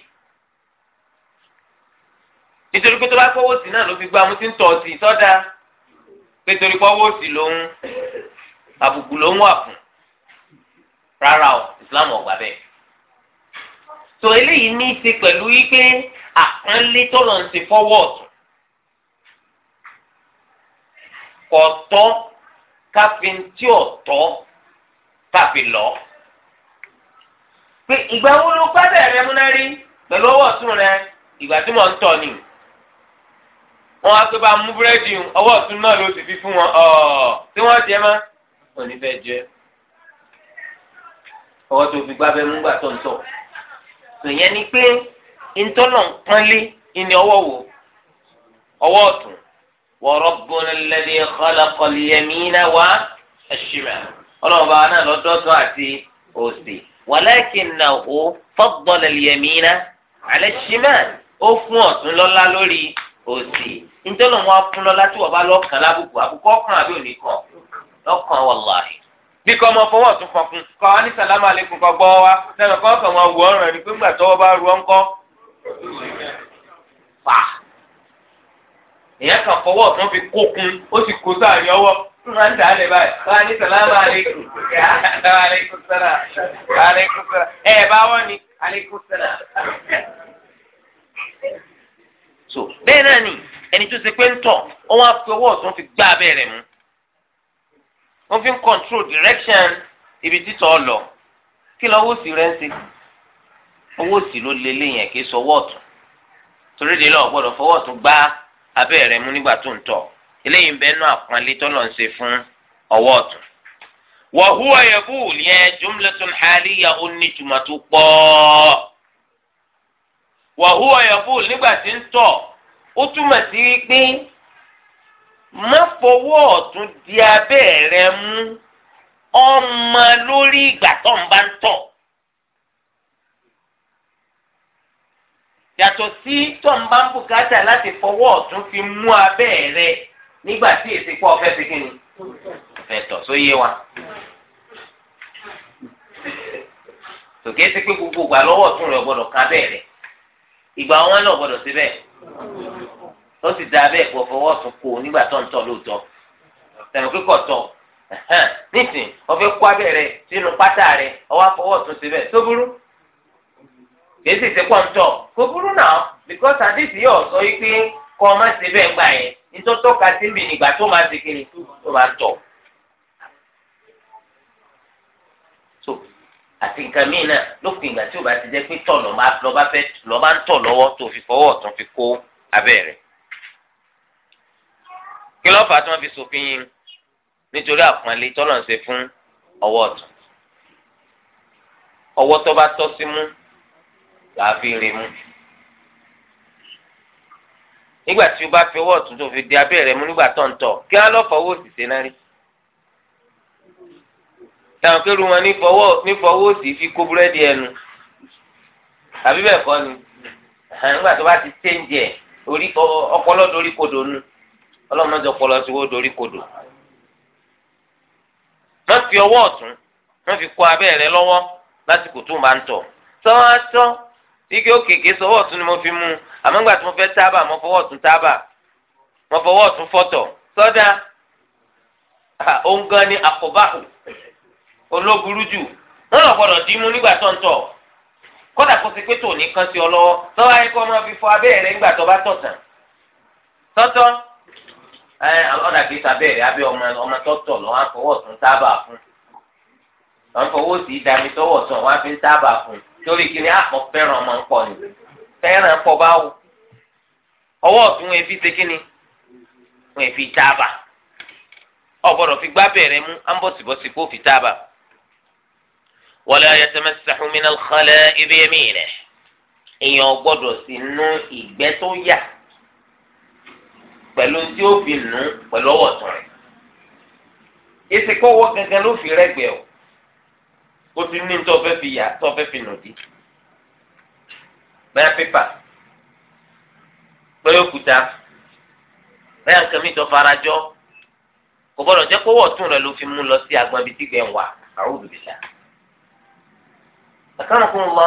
nítorí pé tó bá fọwọ́ sí náà ló fi gbá mu tí ń tọ̀ sí sọ́dà pé torí fọwọ́ sí lòun àbùkù lòun wà fún. rárá o Islam ò bẹ́ẹ̀. tó eléyìí ní í ṣe pẹ̀lú yí àpọ́nlé tọ́lọ̀ ń ṣe fọ́wọ́ ọ̀tún kọ̀tọ́ káfíńtì ọ̀tọ́ tàbí lọ. pé ìgbà wo ló pẹ́bẹ̀ rẹ múná rí pẹ̀lú ọwọ́ ọ̀tún rẹ ìgbà tí mò ń tọ̀ ni wọn á pé bá mú búrẹ́dì ọwọ́ ọ̀tún náà ló ti fi fún wọn tí wọ́n jẹ mọ́ wọn ní fẹ́ jẹ ọwọ́ tó fi gbábẹ́ mú gbà tọ̀ntọ̀ tòyẹn ni pé ntọ́lọ̀ nkpọ́nlé ìní ọwọ́ wò ọwọ́ ọ̀tún wa rabbuna alladhi khalaqa al-yamina wa ash-shimala ọlọ́run bá wa náà lọ́dọ́tọ́ àti òsì walakinahu faddala al-yamina ala ash-shimala ó fún ọ̀tún lọ́lá lórí òsì ntọ́lọ̀ wọn fún lọ́lá tí wọ́n bá lọ́kàn lábùkù àbùkù ọkàn àbí òní kan lọ́kàn wallahi bí kò ọmọ fọwọ́ ọ̀tún fọkùn kọ́ wa ní sàlámù alẹ́kùn kọ́ gbọ́ wa sẹ́nu kọ́ ọ̀kan wọn wù ọ̀ràn ní pé ńgbà tọ́wọ́ bá ru ọ́ńkọ́ fà ìyẹn kan fọwọ́ ọ̀tún fi kó kun ó sì kó sáàrin ọwọ́ máa ń dà á lè báyìí wọ́n á ní sàlámà àlékún àlékún sàlá àlékún sàlá ẹ̀ bá wọ́n ní àlékún sàlá. so bẹ́ẹ̀ náà ni ẹni tó ṣe pé ń tọ̀ ó wá fi ọwọ́ ọ̀tún fi gbá abẹ́ rẹ̀ mú wọ́n fi ń control direction ibi títọ̀ ọ lọ kí lọ́wọ́ sì rẹ̀ ń ṣe owó sì ló lé léyìn kí sọwọ́ ọ̀tún torí de lọ́ọ̀ gbọ́dọ̀ fọwọ́ ọ̀tún gbá abẹ́ rẹ̀ mú nígbà tó ń tọ̀ eléyìí ń bẹ́ẹ̀ náà àpọ́nlé tọ́lọ̀ ń ṣe fún ọwọ́ ọ̀tún. wa huwa yaqul yẹn jumlatun haliyya ó ní ìtumọ̀ tó pọ̀ wa huwa yaqul nígbà tí ń tọ̀ ó túmọ̀ sí pé má fọwọ́ ọ̀tún di abẹ́ mú ọmọ lórí ìgbà tó ń bá ń tọ̀ yàtọ̀ sí tọ́ǹbà ń bùkátà láti fọwọ́ ọ̀tún fi mú abẹ́ rẹ nígbà tí èsì ọ̀fẹ́ fi wa. tòkè sí pé gbogbo ìgbà lọ́wọ́ ọ̀tún rẹ̀ gbọ́dọ̀ igba abẹ́ rẹ̀ ìgbà wọn náà gbọ́dọ̀ sí bẹ́ẹ̀ ó sì fọwọ́ ọ̀tún kó nígbà tó ń lóòótọ́ kìí sì ṣe pọ́ńtọ̀ kò burú náà because àdìsí yóò sọ yìí pé kọ́ ọ má ṣe bẹ́ẹ̀ gbà yẹn nítorí tó ka sí mi nígbà tó máa ṣe kiri tó máa tọ̀. so àti nǹkan míì náà lópin ìgbà tí o bá ti jẹ́ pé tọ̀ lọ́ba fẹ́ lọ́ba ń tọ̀ lọ́wọ́ tó fi fọwọ́ ọ̀tún fi kó abẹ́ rẹ̀. kí ló fà á tí wọ́n fi ṣòfin yín nítorí àpọ́nlé tọ́lọ̀ ń ṣe fún ọwọ́ ọ̀tún ọwọ́ tó bá tọ́ sí mú làá fi rí mu nígbà tí o bá fi ọwọ́ ọ̀tún tó fi di abẹ́ rẹ mú nígbà tó ń tọ̀ kí á lọ fọwọ́ òsì ṣe náà rí táwọn kéru wọn ní fọwọ́ òsì fi kó búrẹ́dì ẹnu àbí bẹ́ẹ̀ kọ́ ni nígbà tó bá ti ṣéǹjì ẹ̀ orí ọpọlọ dorí kodò nu ọlọ́mọdé ọpọlọ tí wọ́n dorí kodò wọ́n fi ọwọ́ ọ̀tún wọ́n fi kó abẹ́ lọ́wọ́ lásìkò tó máa ń tọ̀ tọ́wọ́ tọ́ ike òkèké sọwọ́ ọ̀tún ni mo fi mú àmọ́ ńgbà tí mo fẹ́ tábà mo fọwọ́ ọ̀tún tábà mo fọwọ́ ọ̀tún fọ́tọ̀ sọ́dà òun gan ni àkọ́báhù olóburú jù wọ́n lọ gbọ́dọ̀ dìímú nígbà tó ń tọ̀ kódà kó ti pé tò ní kan sí ọ lọ́wọ́ sọ́wọ́ ayé kó ọmọ fi fọ abẹ́rẹ́ nígbà tó bá tọ̀ tán tọ́tọ́ ọ̀dà kìí sàbẹ̀rẹ̀ abẹ́ ọmọ tọ́tọ̀ lọ́wọ́ àfọwọ́ ọ̀tún tábà fún ọ̀nfọwọ́sì ìdàmítọ́wọ̀ sàn wọ́n á fi torí kìíní àpọ̀ ah, fẹ́ràn ọmọ ńpọ̀ ni fẹ́ràn pọ̀ bá wù ọwọ́ ọ̀tún wọn èfi ṣe kíni wọn èfi tábà ọ̀gbọ́dọ̀ fi gbá bẹ̀rẹ̀ mú ámbọ̀sibọ́sì kó fi tábà wala yatamassahu min al-khala'i bi yaminihi èèyàn gbọ́dọ̀ sí nú ìgbẹ́ tó yà pẹ̀lú tí ó fi nù pẹ̀lú ọwọ́ tún rẹ̀ èsì kọ́wọ́ gangan ló fi rẹ́gbẹ̀ẹ́ o kó ti ní tó fẹ́ fi yà tó fẹ́ fi nù dí bẹ́ẹ̀ pépà bẹ́ẹ̀ òkúta bẹ́ẹ̀ nǹkan mi tó fara jọ kò gbọ́dọ̀ jẹ́ kówó ọ̀tún rẹ ló fi mú lọ sí agbọn ibi tí gbẹ̀ ń wà àwùjọ bìlà. àkàrà fún wa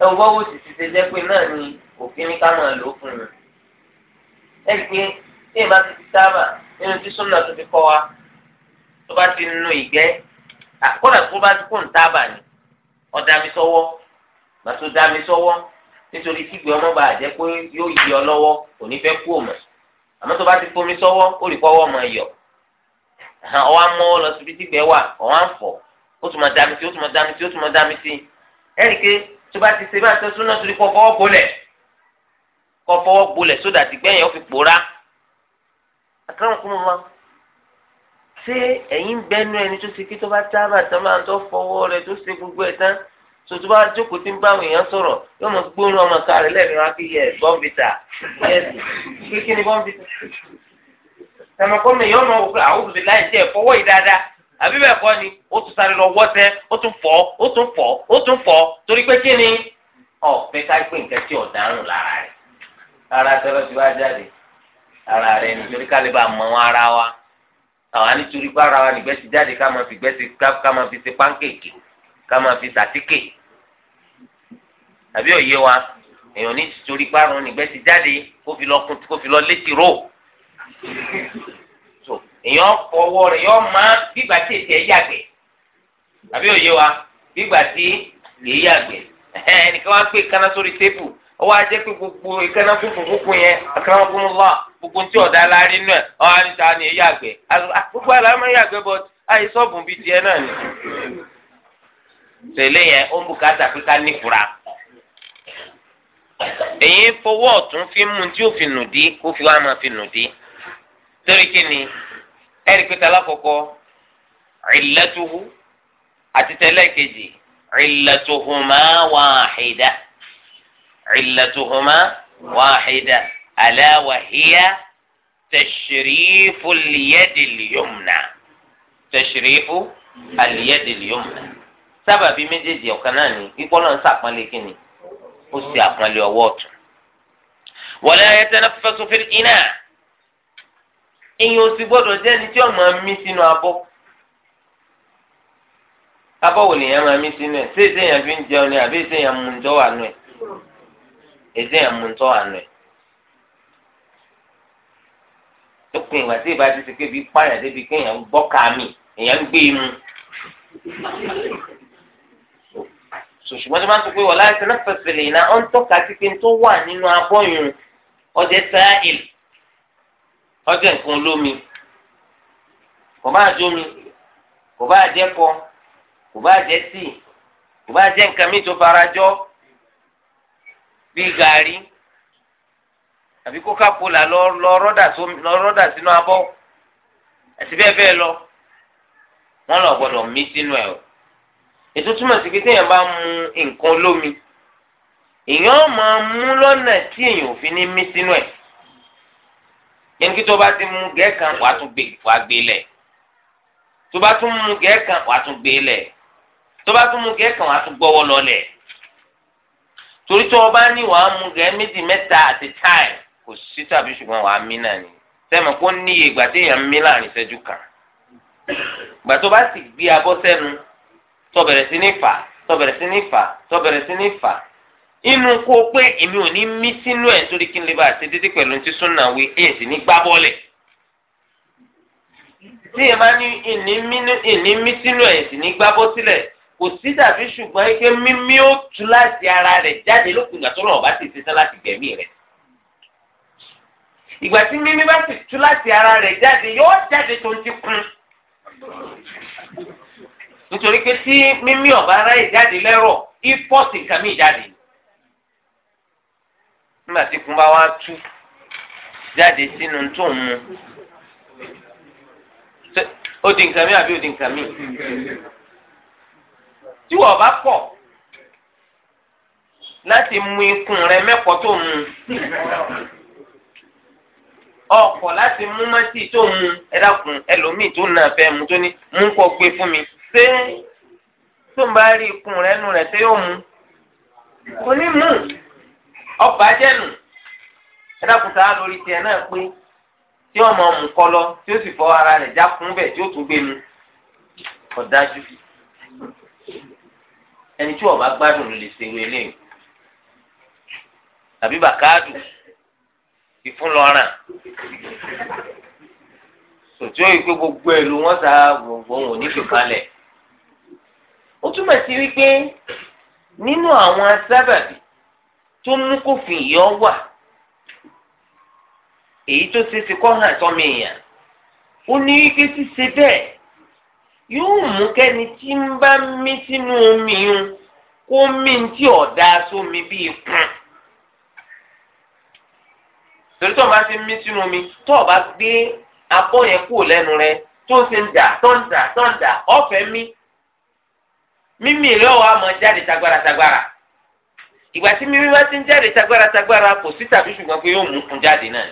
ẹ wọ́n wọ́n sì ti ṣe jẹ́ pé náà ni òfin ní ká máa lò ó fún un. ẹ gbé ní ìbá ti ti sábà nínú tí súnmọ́ tó fi kọ́ wa tó bá ti nu ìgbẹ́ àkọ́dà ah, tó bá kó ń tábà ni ọ̀dà mi sọ́wọ́ màtó dá mi sọ́wọ́ nítorí kígbe ọmọ bá jẹ́ pé yóò yí ọ lọ́wọ́ kò ní fẹ́ kú òmò àmọ́ tó bá ti fomi sọ́wọ́ ó rí kọ́wọ́ ọmọ yọ ọwọ́ amọ́ lọ síbi tígbẹ́ wà ọwọ́ àǹfọ̀ ó tún máa dá mi sí ó tún máa dá mi sí ó tún máa dá mi sí ẹ̀ríkẹ́ tó bá ti ṣe bá ṣe súná torí kọ́ fọwọ́ bolẹ̀ kọ́ fọwọ́ bolẹ̀ sódà tìgbẹ́yìn ó fi pòórá àkàrà ń máa. ṣé ẹ̀yin bẹ́nu ẹni tó ṣe kí tó bá tábà tán máa ń tọ́ fọwọ́ gbogbo ẹ̀ tán sòtú bá jókòó tí ń bá àwọn èèyàn sọ̀rọ̀ yóò mọ̀ gbóòórùn ọmọ ká rẹ̀ lẹ́nu wá kí yẹ bọ́ǹbìtà kí ni bọ́ǹbìtà tẹmọkọ mi àwọn òbí láì fọwọ́ yìí dáadáa àbí bẹ́ẹ̀ kọ́ ni ó tún sáré lọ ó tún fọ́ ó tún àwọn anítorí pé ara wa nìgbẹ́ ti jáde ká máa fi gbẹ́ ti ká máa fi se pánkèkì ká máa fi sàtíkè àbí òye wa èèyàn ní torí pé àrùn nìgbẹ́ ti jáde kó fi lọ kó fi lọ létí ró so èèyàn fọwọ́ rẹ̀ yọ máa bígbà tí èsì ẹ̀ yàgbẹ́ àbí òye wa bígbà tí lè yàgbẹ́ ẹnìkan wá gbé kaná sórí tébù ó wá jẹ́ pé gbogbo ìkànnà fúnfún fúnfún yẹn àkàrà wọn fún un lọ́wọ́ gbogbo tí ọ̀dà lárí nù ẹ̀ ọ́n á ní ta ni èyí àgbẹ̀ ah, gbogbo àlámọ́ èyí àgbẹ̀ bọ̀ àyè sọ́ọ̀bù bíi tiẹ̀ náà ni. tẹ̀lé yẹn ó ń bùkátà pé ká nífura. èyí fọwọ́ ọ̀tún fi mú tí ó fi nù dí kó fi wá máa fi nù dí. torí kí ni ẹ̀rí pé tala kọ̀kọ́ ìlẹ́tuhu àti tẹ̀lé kejì ìlẹ́tuhùmá wàhídà ìlẹ́tuhùmá wàhídà. ala wa hiya tashrifu al-yadil yumna tashrifu sábàbí méjèèjì ọ̀kan náà ni ipò náà ń sàpọ́nlé kínni ó sì àpọ́nlé ọwọ́ ọ̀tún. wala yatanaffasu fil ina ìyẹn ò sì jẹ́ ẹni tí ó máa mí sínú abọ́ abọ́ wò lèèyàn máa mí sínú ẹ̀ ṣé fi ń jẹun ni àbí èsèèyàn mú ń tọ́ wà nù ẹ̀ lópin ìgbà tí ìbá ti ṣe kébi pààyàn débi pé èèyàn ń gbọ́ kàmì èèyàn ń gbé imú. sòṣùgbọ́n tó máa ń sọ pé wọ́n láti lọ́fẹ̀ẹ́sẹ̀ lè na ọ́n tọ́ka sí pé tó wà nínú abọ́yùn ọjẹ́ sáìl ọjẹ́ nǹkan olómi kò bá jómi kò bá jẹ́ kọ kò bá jẹ́ tíì kò bá jẹ́ nǹkan mi tó farajọ́ bíi gàrí àbí coca-cola lọ rọ́dà sínú abọ́ àti bẹ́ẹ̀ bẹ́ẹ̀ lọ wọ́n lọ gbọ́dọ̀ mí sínú ẹ̀ o ètò túmọ̀ sí pé téèyàn bá mu nǹkan lómi èèyàn máa mú lọ́nà tí èèyàn ò fi ní mí sínú ẹ̀ yẹn kí tó bá ti mu gẹ́ẹ̀kan wàá tún gbé wàá gbé e lẹ̀ tó bá tún mu gẹ́ẹ̀kan wàá tún gbé e lẹ̀ tó bá tún mu gẹ́ẹ̀kan wàá tún gbọ́wọ́ lọ lẹ̀ torí tó o bá ní wàá mu gẹ́ẹ́ méjì mẹ́ta àti táì kò sí tàbí ṣùgbọ́n wàá mí náà ni sẹ́mi kó níye ìgbà tí èèyàn ń mí láàrin ìṣẹ́jú kan ìgbà tó bá sì gbé abọ́ sẹ́nu tó bẹ̀rẹ̀ sí ní fà tó bẹ̀rẹ̀ sí ní fà tó bẹ̀rẹ̀ sí ní fà inú kó pé èmi ò ní mí sínú ẹ̀ nítorí kí n lè bá àti dídí pẹ̀lú ti súnà wí èyí sì ní gbá bọ́ọ̀lẹ̀ tí èèyàn bá ní ìní mí sínú ẹ̀ sì ní gbá bọ́ sílẹ̀ kò sí dàbí ṣùgbọ́n ike mímí ó tu láti ara rẹ̀ jáde lókun ìgbà tó lọ́wọ́ bá ti ṣiṣẹ́ láti gbẹ̀mí rẹ̀ ìgbà tí mímí bá sì tú láti ara rẹ̀ jáde yóò jáde tó ń ti kún nítorí pé tí mímí ọ̀bá ráyè jáde lẹ́rọ̀ ìfọ́sì nǹkan mí jáde nígbà tí kún bá wá tú jáde sínú tó ń mu ó di nǹkan mí àbí ó di nǹkan mí tí wọ́n bá pọ̀ láti mú ikùn rẹ mẹ́kọ̀ọ́ tó mu ọkọ̀ láti mú mọ́tì tó mu ẹ̀dàkùn ẹlòmíì tó nà fẹ́ mu tó ní mú kọ́ gbé fún mi ṣé tó ń bá rí ikùn rẹ̀ nù rẹ̀ ṣé yóò mu kò ní mú ọkọ̀ ajẹ́nu ẹ̀dàkùn sáà lórí tiẹ̀ náà pé tí ọmọ mú kọ́ lọ tí ó sì fọ ara rẹ̀ já kún bẹ̀ tí ó tún gbé nu kò dájú ẹni tí ó bá gbádùn lè ṣe wẹlé tàbí bàkáàdù. ìfúnlọ́ràn sòtú ìpè gbogbo ìlú wọn sá gbogbo wọn ò ó túmọ̀ sí wípé nínú àwọn sábàbí tó mú kófin yọ wà èyí tó ṣe ti kọ́ hàn sọ́mi èèyàn ó ní wípé ṣíṣe bẹ́ẹ̀ yóò mú kẹ́ni tí ń bá mí sínú omi yun kó mí tí ọ̀dà sómi bíi kùn torí tó o bá ti mí sínú mi tó o bá gbé abọ́ yẹn kúrò lẹ́nu rẹ tó o ṣe ń dà tó ń dà tó ń dà ọ̀fẹ́ mi mímì rẹ ọ̀ àmọ́ jáde tagbára tagbára ìgbà tí mímí bá ti ń jáde tagbára tagbára kò sí tàbí ṣùgbọ́n pé yóò mú kun jáde náà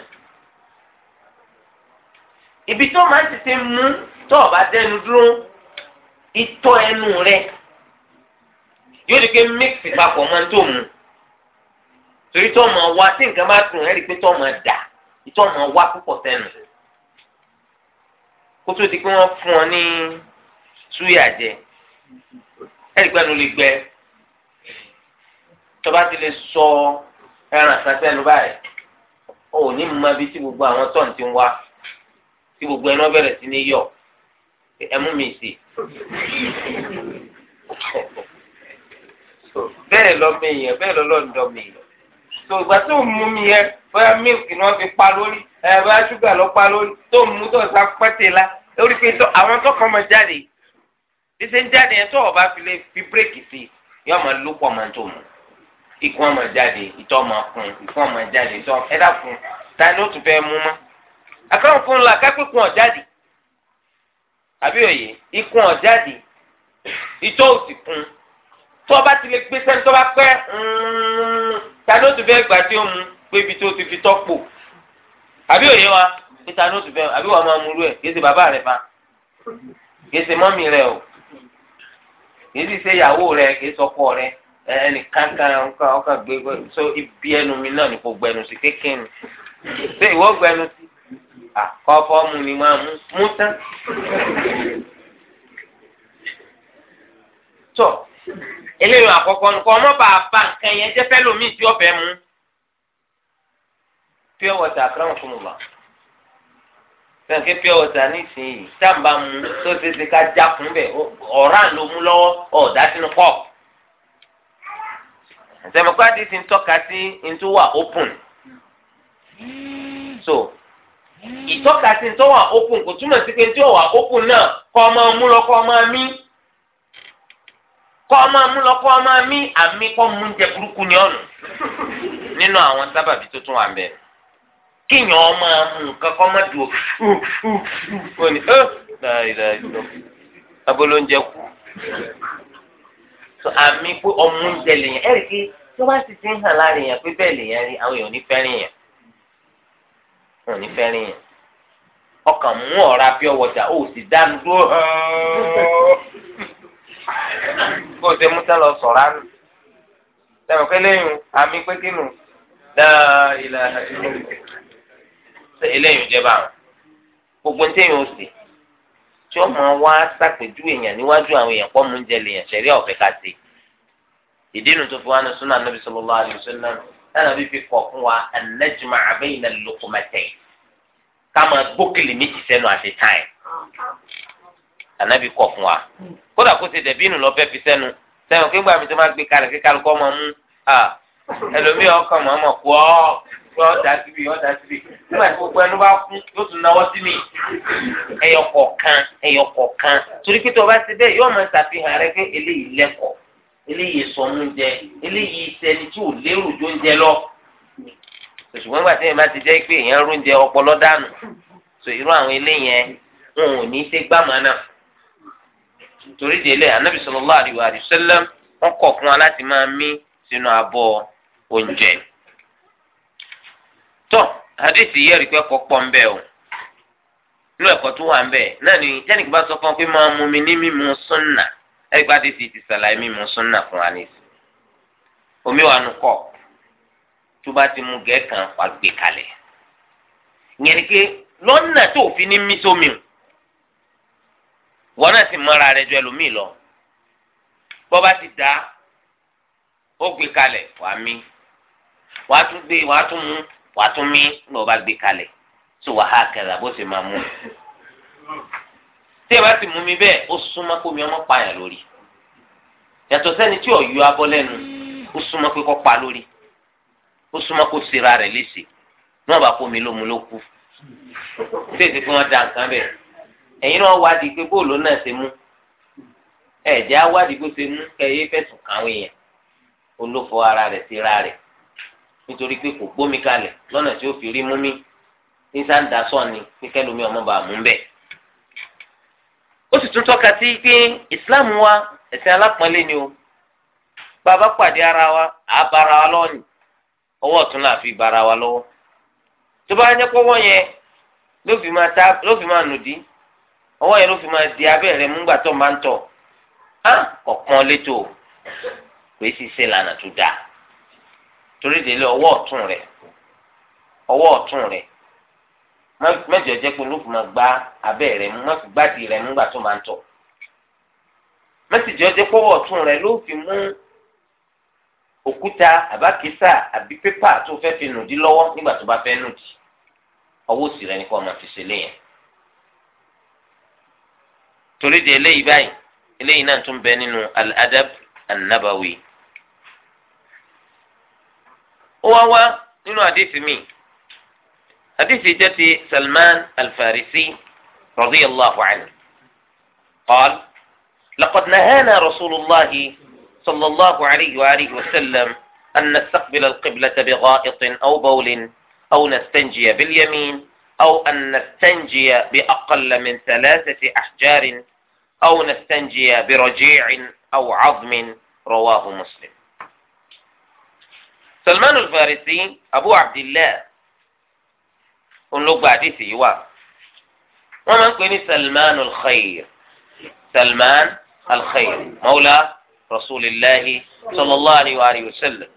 ibi tó o máa ti ṣe mú tó o bá dẹnu dúró ìtọ́ ẹnu rẹ yóò di pé mix papọ̀ mọ́ tó mú torí tó máa wá tí nǹkan bá dùn ẹ̀rí pé tó máa dà tó máa wá púpọ̀ sẹ́nu kó tó di pé wọ́n fún ọ ní súyà jẹ ẹ̀rí pẹ́ẹ́nu lè gbẹ tó bá ti lè sọ ẹran àtàtẹ́nu báyìí ó ní mọ ibi tí gbogbo àwọn tọ́ǹ ti ń wá tí gbogbo ẹnu bẹ̀rẹ̀ sí ní yọ ẹmú mi sí bẹ́ẹ̀ lọ́mọ èèyàn bẹ́ẹ̀ lọ́lọ́ọ̀dọ́mọ èèyàn tó ìgbà tó mú mi yẹ bóyá mílìkì ni wọ́n fi pa lórí ẹ bóyá ṣúgà ló pa lórí tó mú tó sá pẹ́tẹ́ la lórí pé àwọn tó kàn mọ́ jáde ṣíṣe ń jáde yẹn tó ọba fi lè fi bírèkì sí yóò máa ló pọ̀ máa tó mú ikú ọmọ jáde ìtọ́ ọmọ kún ikú ọmọ jáde ìtọ́ ẹ dákun ta ni ó tún fẹ́ mú mọ́ akẹ́wọ̀n fún un la kápẹ́kùn ọ̀jáde àbí òye ikùn ọ̀jáde ìtọ́ òsì kún tó ọba ti lè gbé sẹ́ni tó bá pẹ́ mm, ta ló tún fẹ́ gbà tí ó mu pé ibi tó ti fi tọ́pò àbí òye wa ní ta ló tún fẹ́ àbí wàá máa mú rú ẹ̀ bàbá rẹ̀ fa kì í ṣe mọ́mì o kì í sì ṣe ìyàwó rẹ̀ kì í sọkọ rẹ̀ kankan ọkàn gbé so ibi ẹnu mi náà ni kò gbẹnu sí kékeré ṣé ìwọ gbẹnu sí àkọ́fọ́ mu ni máa tán. tó eléyìí àkọ́kọ́ nǹkan ọmọ bàbá nǹkan yẹn jẹ́ fẹ́ lómi tí ọbẹ̀ mú pure water àkàrà wọn fún mi wá sẹ́ǹkẹ́ pure water nísìnyí sáàmbá mu tó ṣe ṣe ká já kún bẹ̀ ọ̀ràn ló mú lọ́wọ́ ọ̀dá sínú kọ́ọ̀pù àtẹ̀mọ́kádì ti ń tọ́ka sí ntúwà open so ìtọ́ka sí ntọ́wà open kò túmọ̀ sí pé ntúwà open náà kọ́ ọmọ mú lọ kọ́ ọmọ mí kọ́ ọmọ mú lọ kọ́ ọmọ mi àmì kọ́ mú oúnjẹ burúkú ni ọ̀nà nínú àwọn sábàbí tó tún wà mẹ́ kíyàn ọmọ mú nǹkan kọ́ má dùn ó ní ẹ́ abolo oúnjẹ kú àmì pé ọmọ oúnjẹ lèyàn ẹ̀rí kí tó bá sì ti ń hàn lára èèyàn pé bẹ́ẹ̀ lèyàn rí àwọn èèyàn ò ní fẹ́ràn yẹn wọn ò ní fẹ́ràn yẹn ọkàn mú ọ̀rá pure water ó sì dá dúró hàn bó ṣe mú sálọ sọ̀rọ̀ ànú sẹ́wọ̀n pé lẹ́yìn àmì pé kínú dáa ilà ṣe eléyìí jẹ́ báwọn gbogbo ní téèyàn ó sì tí ó máa wá ṣàpèjúwe èèyàn níwájú àwọn èèyàn pọ́ mú oúnjẹ lèèyàn ṣẹ̀rí ọ̀fẹ́ ká ṣe ìdí nu tó fi wá ní súnà nàbì sallallahu alaihi wasallam náà bí fi kọ̀ fún wa an-najma' bayna al-luqmatayn ká máa gbókèlè méjì sẹ́nu àti táì ànábì kọ̀ fún wa hmm. kódà kó ti dẹ̀bí nù lọ fẹ́ fi sẹ́nu sẹ́nu kí n gbà mí tó máa gbé kalẹ̀ kí kálukọ́ máa mú ẹlòmíì ọkàn mọ́ ọmọ kú ọ́ ọ̀dà síbi ọ̀dà síbi nígbà tí gbogbo ẹnu bá kún yóò tún náwó sí mi ẹyọ kọ̀ọ̀kan ẹyọ kọ̀ọ̀kan torí pé tó o bá ti bẹ́ẹ̀ yóò máa ṣàfihàn rẹ pé eléyìí lẹ́kọ̀ọ́ eléyìí sọmúnjẹ eléyìí sẹni tí ò lérò jó ń jẹ lọ ṣùgbọ́n nígbà tí èèyàn bá ti jẹ́ pé èèyàn róúnjẹ ọpọlọ dànù so irú àwọn eléyẹn wọn ò ní í ṣe gbàmọ́ náà torí délé anabi sallallahu alaihi wasallam wọn kọ̀ fún wa láti máa mí sínú abọ́ oúnjẹ. tọ́ hadithi yẹ́ rí pé kọ́ pọ́ ń bẹ̀ o nínú ẹ̀kọ́ tó wà ń bẹ̀ náà ni jẹ́nìkì bá sọ fún ọ pé máa mú mi ní mímu súnà ẹ̀rí pé hadithi ti sàlàyé mímu súnà fún wa nìyí. omi wà nù kọ́ tó bá ti mú gẹ̀ẹ́ kan wà kalẹ̀ ìyẹn ni pé lọ́nà tó fi ní mí sómi o wọn náà sì mọra rẹ ju ẹlòmíì lọ bọba ti dá ó gbé kalẹ̀ wàá mí wàá tún gbé wàá tún mú wàá tún mí ní ọba gbé kalẹ̀ tó wàá kẹrẹ bó ṣe máa mú tí ẹ bá ti mú mi bẹ́ẹ̀ ó súnmọ́ kó mi ọmọ pààyàn lórí yàtọ̀ sẹ́ni tí ọ̀yọ́ abọ́ lẹ́nu ó súnmọ́ pé kọ́ pa lórí ó súnmọ́ kó sera rẹ̀ léṣe náà bá kó mi lómú ló kú tí èsì fún wọn da nǹkan bẹ́ẹ̀. ẹ̀yin náà wádìí pé bóòlù náà ṣe mú ẹ̀jẹ̀ awádìí bó ṣe mú kẹyẹ káwọn èèyàn olófo ara rẹ̀ síra rẹ nítorí pé kò gbómi kalẹ̀ lọ́nà tí ó fi rí mú mi ní sáńdà sọ́ọ̀ni pé mú ó sì tún wa ẹ̀sìn alápọ̀nlé ni o bàbá pàdé ara wa àá bára wa lọ́ọ̀nì ọwọ́ ọ̀tún náà fi bára wa lọ́wọ́ tó bá yẹ kọ́wọ́ yẹn ló fi máa ọwọ́ yẹn ló fi máa di abẹ́rẹ́ mú gbàtọ́ máa ń tọ̀ á kọ̀pọ̀n létò pé ṣíṣe lànà tó dáa torí délé ọwọ́ ọ̀tún rẹ̀ ọwọ́ ọ̀tún rẹ̀ mẹ́jọ jẹ́ pé ló fi máa gba abẹ́rẹ́ mú máa fi gbádì rẹ̀ mú gbàtọ́ máa ń tọ̀ mẹ́sìjọ́ jẹ́ pọ́wọ́ ọ̀tún rẹ̀ ló fi mú òkúta àbákísà àbí pépà tó fẹ́ fi nùdí lọ́wọ́ nígbà tó bá fẹ́ nùdí ọwọ́ òsì rẹ̀ ni kò máa fi ṣe léyìn torí di eléyìí báyìí eléyìí náà tún bẹ nínú al-adab an-nabawi ó wá wá nínú àdìsí mi àdìsí jẹ́ ti Salman al-Farisi allahu anhu qal laqad nahana rasulullah sallallahu alayhi wa alihi wa sallam an nastaqbila al-qiblata bi gha'it aw bawlin aw أو أن نستنجي بأقل من ثلاثة أحجار أو نستنجي برجيع أو عظم رواه مسلم سلمان الفارسي أبو عبد الله ونلقى بعد سيوا ومن كن سلمان الخير سلمان الخير مولى رسول الله صلى الله عليه وآله وسلم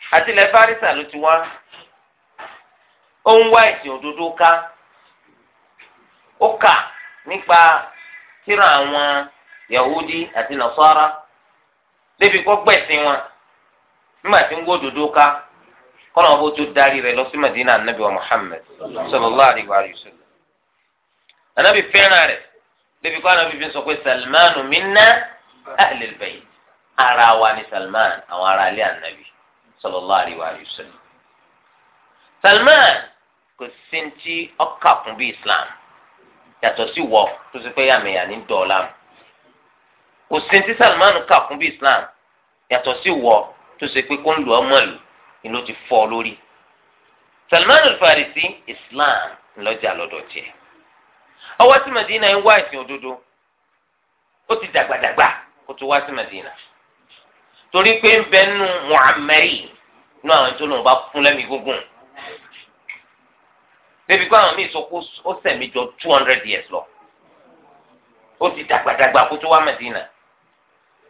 حتى ilẹ̀ fárísà ó ń wá ẹ̀sìn òdodo ká ó kà nípa tírà àwọn Yahudi àti Nasara débi kó gbẹ̀sìn wọn nígbà tí ń gbó òdodo ká kọ́nà ọ̀bọ tó darí rẹ̀ lọ sí Madina anabi wa Muhammad sallallahu alaihi wa sallam anabi fẹ́ràn rẹ̀ débi kó anabi fi sọ pé Salmanu minna ahlil bayt ara wa ni Salman àwọn ará ilé anabi sallallahu alaihi wa sallam Salman kò sí ní tí ọkà kún bí islam yàtọ̀ sí wọ tó ti fẹ́ yàmẹ̀yà ní dọ́ọ̀lá mu kò sí ní tí salmanu kà kún bí islam yàtọ̀ sí wọ tó ṣe pé kó ń lu ọmọ lù ni ti fọ́ lórí salmanu farisi islam ńlọjà lọ́dọ̀ tiẹ̀ ọwọ́ tí madina ń wá ìsìn òdodo ó ti dàgbàdàgbà kó tó wá sí madina torí pé ń bẹ nínú muhammadi nínú àwọn tó lòun bá fún lẹ́mìí gúngùn. débi pé àwọn míì sọ pé ó two hundred years lọ ó ti dàgbàdàgbà kó tó wá Mẹdínà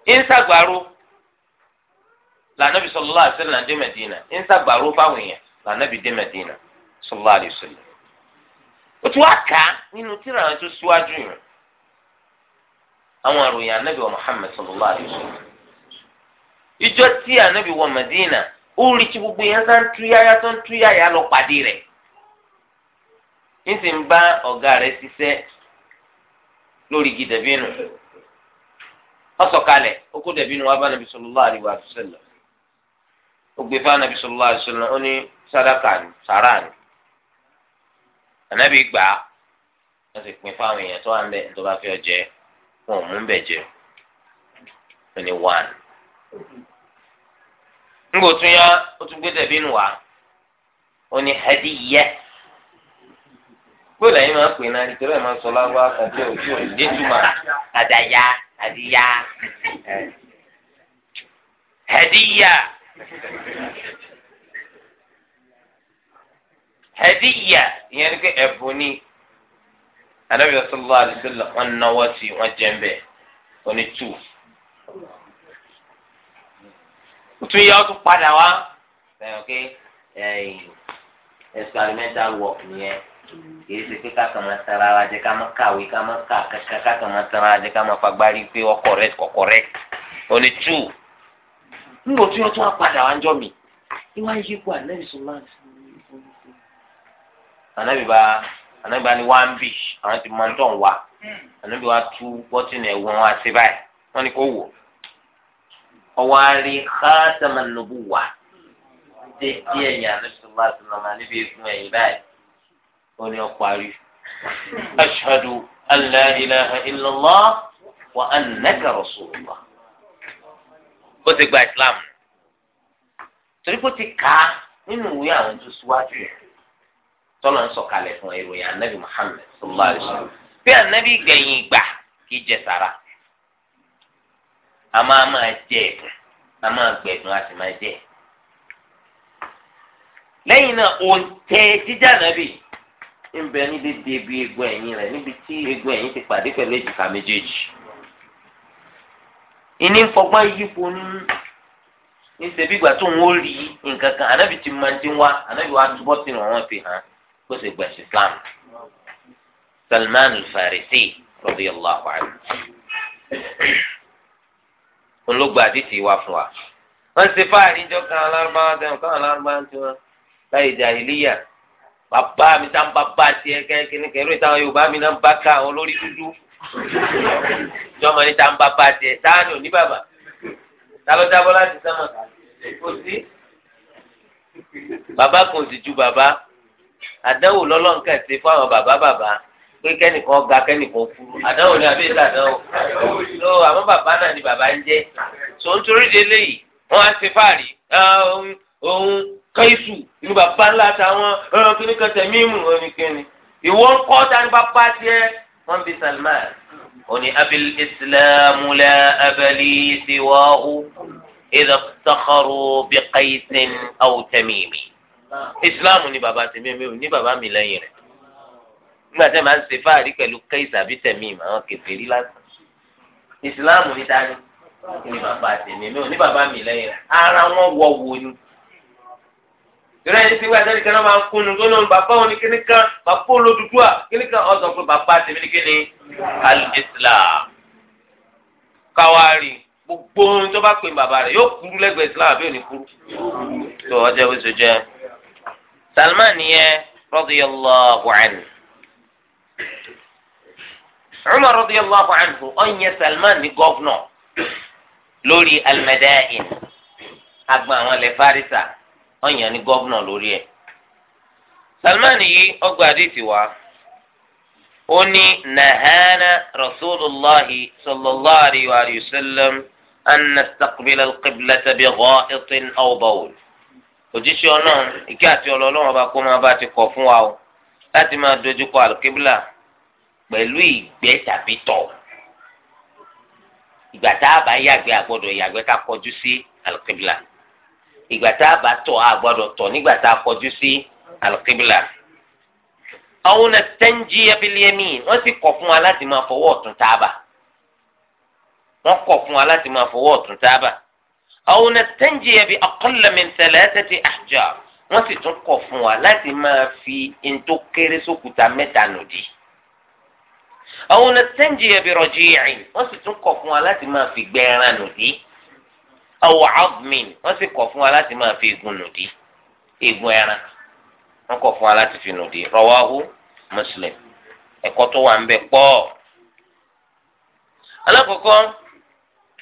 ìnsàgbàrú lànàbì sallallahu alaihi wasallam dé Mẹdínà fáwọn èèyàn lànàbì dé Mẹdínà sallallahu alaihi Medina ó ti wá kà á nínú tíra àwọn tó síwájú yìí àwọn àròyìn ya wa Muhammad sallallahu alaihi wasallam ìjọ tí ànábì wọ Mẹdínà ó rí tí gbogbo yẹn sá ń tú yáyá tó ń tú yáyá lọ pàdé rẹ̀. nísì ń bá ọ̀gá rẹ̀ ṣiṣẹ́ lórí igi dẹ̀bínú ọ̀sọ̀kalẹ̀ ó kó dẹ̀bínú wá bá nàbí sallallahu alaihi wasallam ó fún nàbí sallallahu alaihi ó ní sàdákà ní sàrà ní ànábì gbà á sì pín fáwọn èèyàn tó wà ń bẹ̀ tó bá fẹ́ jẹ wọn ò mú jẹ ó bó lẹ́yìn máa pè náà nítorí ẹ̀ máa sọ lágbá àti òjò ìdíjúmọ̀ àdàyà àdìyà hẹdíyà hẹdíyà ìyẹn ni pé ẹ̀bùn ni anábìyà sallallahu alaihi wasallam wọn náwó sí wọn jẹ́ńbẹ́ oní tù tún yẹ ọtún padà wá ẹ̀yìn experimental work nìyẹn. kìí ṣe pé kákan máa tara wa jẹ ká máa kàwé ká máa kà kàkà kákan máa tara wa jẹ ká máa fagbárí pé ọkọ rẹ kọkọ rẹ ò ní tù nígbà tí wọn tún wá padà wá ń jọ mi ìwà ń yípo ànábì sọlá ànábì bá ànábì bá ní wá ń bì àwọn ti máa ń tọ̀ ń wá ànábì wá tú bọ́tìnì ẹ̀wọ̀n wá sí báyìí wọ́n ní kó wò ọwọ́ á rí khataman nubuwah dé díẹ̀ yẹn ànábì sọlá àti nàmà níbi egun ẹ̀yìn báyìí. ó ní Ashadu ashhadu an illallah wa annaka rasulullah O ti gba islam torí kó ti kà á nínú ìwé àwọn tó síwájú yẹn tọ́lọ̀ ń sọ̀kalẹ̀ fún ìròyìn anabi muhammed sallallahu alayhi wa sallam bí anabi gbẹ̀yìn ìgbà kì í jẹ sàrà a máa máa jẹ ẹ̀dùn a máa gbẹ̀dùn a sì máa jẹ lẹ́yìn náà òun tẹ jíjà nàbì ń bẹ ní dédé bí egun ẹ̀yìn rẹ̀ níbi tí egun ẹ̀yìn ti pàdé pẹ̀lú èjìká méjèèjì. ìní ń fọgbọ́n yípo ní ní ṣebí ìgbà tó ń wó rí nǹkan kan ànábì ti máa ń dín wá ànábì wa túbọ̀ sí wọn wọn fi hàn kó sì gbẹ̀sì Islam. Salman al-Farisi radiyallahu anhu olóògbé àdìsí wa fún wa. wọ́n ṣe fáàrí jọ kan alárúbáwá tẹ̀wọ̀n kan alárúbáwá tiwọn láyé jàhílíyà bàbá mi tá n bàbá tiẹ̀ kẹ́kẹ́ni kẹ́rù ìtàwọn yorùbá mi náà ń bá ká àwọn olórí dúdú jọmọ ní tá n bàbá tiẹ̀ sáàni òní bàbá ta ló dábọ́ láti sánmà kò sí bàbá kò sì ju bàbá àdánwò lọ́lọ́run kẹ̀sí fún àwọn bàbá bàbá pé kẹ́nìkan ga kẹ́nìkan fúru àdánwò ni àbí ètò àdánwò tó àwọn bàbá náà ni bàbá ń jẹ́ tó ń torí de léyìí wọ́n á ṣe fáàrí òun kẹ́sù ìlú bàbá ńlá táwọn ọ̀rọ̀ kìíní kan tẹ̀mí mú oníkẹ́ni ìwọ ń kọ́ tani bàbá tiẹ̀ wọ́n bí Salman òní abil islamu la abali siwahu idha sakharu bi qaisin aw tamimi islamu ni bàbá tẹ̀mí mi ò ní bàbá mi lẹ́yìn rẹ̀ nígbà tẹ́ máa ń ṣe fáàrí pẹ̀lú qais àbí tẹ̀mí àwọn kèfèrí lásán islamu ni dání ni bàbá tẹ̀mí mi ní bàbá mi lẹ́yìn rẹ̀ ara wọn wọ̀ wò ni ìrẹ́ yìí ti wá ẹ̀sẹ̀ nìkan náà máa ń kúnnu tó lóun bàbá òun ní kíní kan bàbá olódùdú à kíní kan ọ̀sán pé bàbá tèmi ní kíní al-Islam káwárí gbogbo ohun tó bá pè bàbá rẹ̀ yóò kúrú lẹ́gbẹ̀ẹ́ Islam àbí òní kúrú tó ọjọ́ bó ṣe jẹ́ Salman yẹn radiyallahu anhu Umar radiyallahu anhu ọ̀nyẹ Salman ní gọ́fúnọ̀ lórí al-Madain àwọn ilẹ̀ ọ̀yàn ní gọ́vnà lórí ẹ̀. Salman yìí ọgbà àdìsí wa ó ní nahana rasulillahi sallallahu alayhi wa sallam an nastaqbila alqiblata bi gha'itin aw bawl òjíṣẹ́ ọlọ́run ìkẹ́ àti ọlọ́run ọba kó máa bá ti kọ̀ fún wa o láti máa dojúkọ alqibla pẹ̀lú ìgbẹ́ tàbí tọ̀ ìgbà tá a bá yàgbẹ́ àgbọ́dọ̀ yàgbẹ́ ká kọjú sí alqibla ìgbà tá a bá tọ̀ a gbọ́dọ̀ tọ̀ nígbà tá a kọjú sí alqibla àwọn nàtẹ́ńjì abilẹ́mì wọ́n sì kọ̀ fún wa láti máa fọwọ́ ọ̀tún tábà wọ́n kọ̀ fún wa láti máa fọwọ́ ọ̀tún tábà àwọn nàtẹ́ńjì abi aqalla min thalathati ahjar wọ́n sì tún kọ̀ fún wa láti máa fi ntó kéré sókúta mẹ́ta nùdí àwọn nàtẹ́ńjì abi raji'in wọ́n awọ admin wọ́n sì kọ̀ fún wa láti máa fi egun nùdí egun ẹran wọ́n kọ̀ fún wa láti fi nùdí rawahu Muslim ẹ̀kọ́ tó wà ń bẹ pọ̀. alákọ̀ọ́kọ́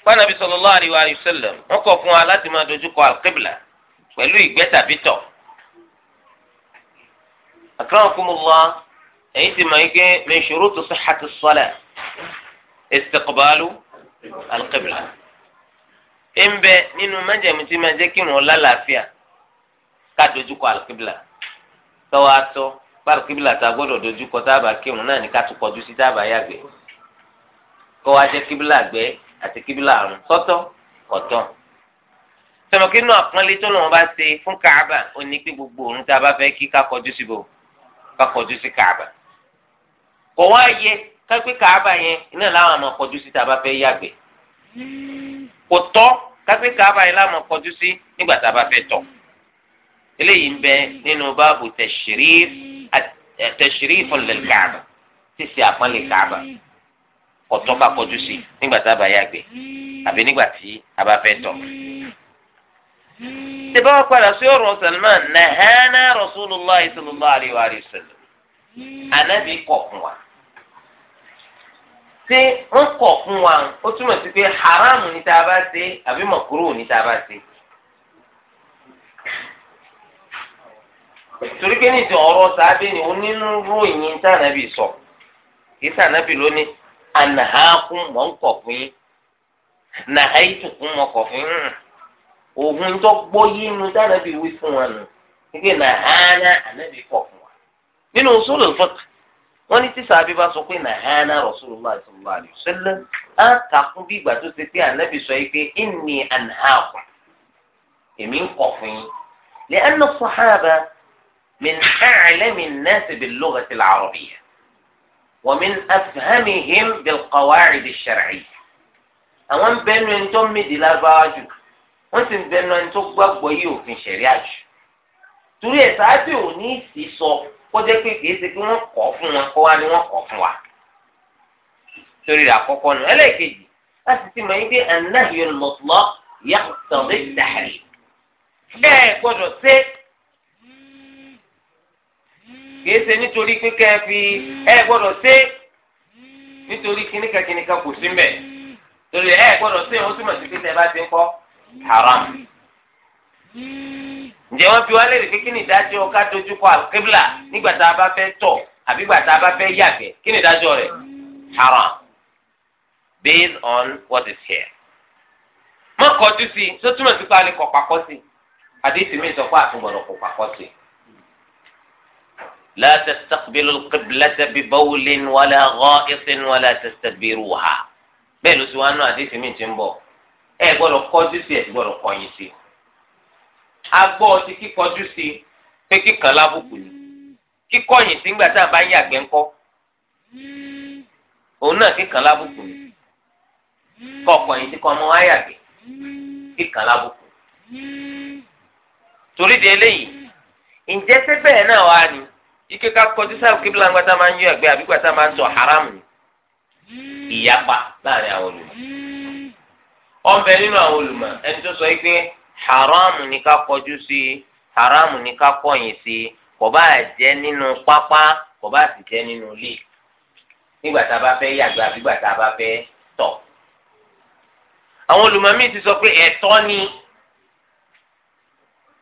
pànàbí sallallahu alaihi wa sallam wọ́n kọ̀ fún wa láti máa dojúkọ alqibla pẹ̀lú ìgbẹ́ tàbí tọ̀. akramakumullah ẹ̀yin ti mọ̀ ike min shurutu sihhati ssalah istiqbalu alqibla ń bẹ nínú májẹ̀mú tí máa jẹ́ kí irun lálàáfíà ká dojúkọ àlùkíbìlà tọ́wọ́ atọ́ pàlùkíbìlà tá a gbọ́dọ̀ dojúkọ táàbà kírun náà ní ká tún kọjú sí táàbà yàgbẹ́ kọ́ wa jẹ́ kíbìlà gbẹ́ àti kíbìlà àrùn sọ́tọ̀ kọ̀tọ̀ sọmọkí náà pọ́nlé tó lọ́wọ́ bá ṣe fún Káàbà ó ní pé gbogbo òun tá a bá fẹ́ kí ká kọjú síbò ká kọjú sí Káàbà kọ̀ wá yẹ ká pé Káàbà yẹn iná làwọn àmọ́ kọjú sí tá a bá fẹ́ yàgbẹ́. kò tọ́ kápẹ́ káàbà yìí láàmú kọjú sí nígbà tá a bá fẹ́ tọ̀ eléyìí ń bẹ nínú báàbù tashrif lil káàbà sísè àpọ́nlé káàbà kò tọ́ ká kọjú sí nígbà tá a bá yàgbẹ́ àbí nígbà tí a bá fẹ́ tọ̀ wa padà sí ọ̀rọ̀ wa. ṣé wọ́n kọ̀ fún wa ó túmọ̀ sí pé haramu ní tá a bá ṣe àbí mọ̀kúrò ni tá a bá ṣe. torí pé ọ̀rọ̀ ni onínúurú ìyìn tànàbì sọ kì í lónìí ànàhákún mọ̀ ń kọ̀ fún yín nàháìtùkún mọ̀ kọ̀ fún yín òhun tó gbọ́ yín nu wí fún wa nù nàhánà ànàbì wọ́n ní tíṣà ba sọ pé nàhánà rasulullah sallallahu alayhi wa sallam á takùn bí ìgbà tó ṣe pé ànábì sọ yìí pé inni anhaakum èmi ń kọ̀ fún yín le e so mi li'anna mi sahaba min a'lami an-nas bil-lughati al-arabiyyah wa min afhamihim bil-qawa'id ash-shar'iyyah àwọn ń bẹnu ẹni tó ń mìdí lágbára jù wọ́n sì ń bẹnu ẹni tó gbàgbọ́ yìí òfin torí torí ẹ̀ sáájú òní sì sọ kó jẹ́ pé kìí ṣe pé wọ́n kọ́ fún wọn kó wá ní wọ́n kọ́ fún wa torí àkọ́kọ́ nù ẹlẹ́ẹ̀kejì láti ti mọ̀ yín pé anáhìyọ lọ́tọ́ yà sọ̀rọ̀ ìdáhàrí ẹ gbọ́dọ̀ ṣe kìí ṣe nítorí pé fi ẹ gbọ́dọ̀ ṣe nítorí kíníkà kíníkà kò sí mbẹ̀ torí ẹ gbọ́dọ̀ ṣe ó túmọ̀ sí pé tẹ́ ẹ bá ti ń kọ́ haram ǹjẹ́ wọ́n fi wá lè rí pé kí ni ìdájọ́ ká dojú kọ àlùkébìlà nígbà tá a bá fẹ́ tọ̀ àbí gbà tá a bá fẹ́ yàgbẹ́ kí ni ìdájọ́ rẹ̀ haram based on what is here. má kọjú sí i tó túmọ̀ sí pé a lè kọ pàkọ́ sí i àdéhùn mi sọ pé àtúbọ̀dọ̀ kọ pàkọ́ sí i. لا تستقبلوا القبلة ببول ولا غائط ولا تستدبروها bẹ́ẹ̀ ló sì wá nù àdéhùn mi ti agbọ́ ọtí kíkọjú sí pé kíkan lábùkù ni kíkọ̀yìn sí ńgbà tá a bá ń yàgbẹ́ ńkọ́ òun náà kíkan lábùkù ni kọ̀ọ̀kọ̀yìn sí kan mọ́ wá yàgbẹ́ kíkan lábùkù torí di eléyìí ǹjẹ́ ṣé bẹ́ẹ̀ náà wá ni ike ká kọjú sáà kíbla ńgbà tá a máa ń yọ ẹ̀gbẹ́ àbí gbà tá a máa ń sọ haram ni ìyapa láàrin àwọn olùmọ̀ ọ̀nbẹ nínú àwọn olùmọ̀ ẹni tó sọ yìí pé Haram ní ká kọjú sí haramu ní ká kọ̀yìn sí kò bá jẹ́ nínú pápá kò bá sì jẹ́ nínú ilé nígbà tá a bá fẹ́ yàgbẹ́ àbí nígbà tá a bá fẹ́ tọ̀. àwọn olùmọ̀mí ti sọ pé ẹ̀tọ́ ni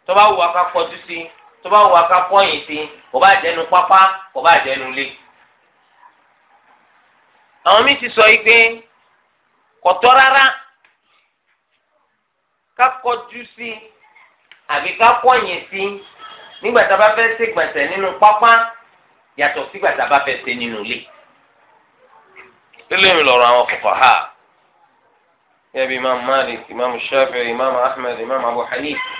tó bá wù wá ká kọjú sí tó bá wù ká kọ̀yìn sí kò bá jẹ́ nínú pápá kò bá jẹ́ nínú ilé. àwọn míì ti sọ yìí pé kò tọ́ rárá ká kọjú sí àbí ká kọ̀yìn sí nígbà tá a bá fẹ́ ṣe gbọ̀nsẹ̀ nínú pápá yàtọ̀ sígbà tá a bá fẹ́ ṣe nínú ilé. eléyìí lọ̀rọ̀ àwọn fuqaha yẹ́bi imam malik imam Al-Shafi, imam ahmed imam abu hanifa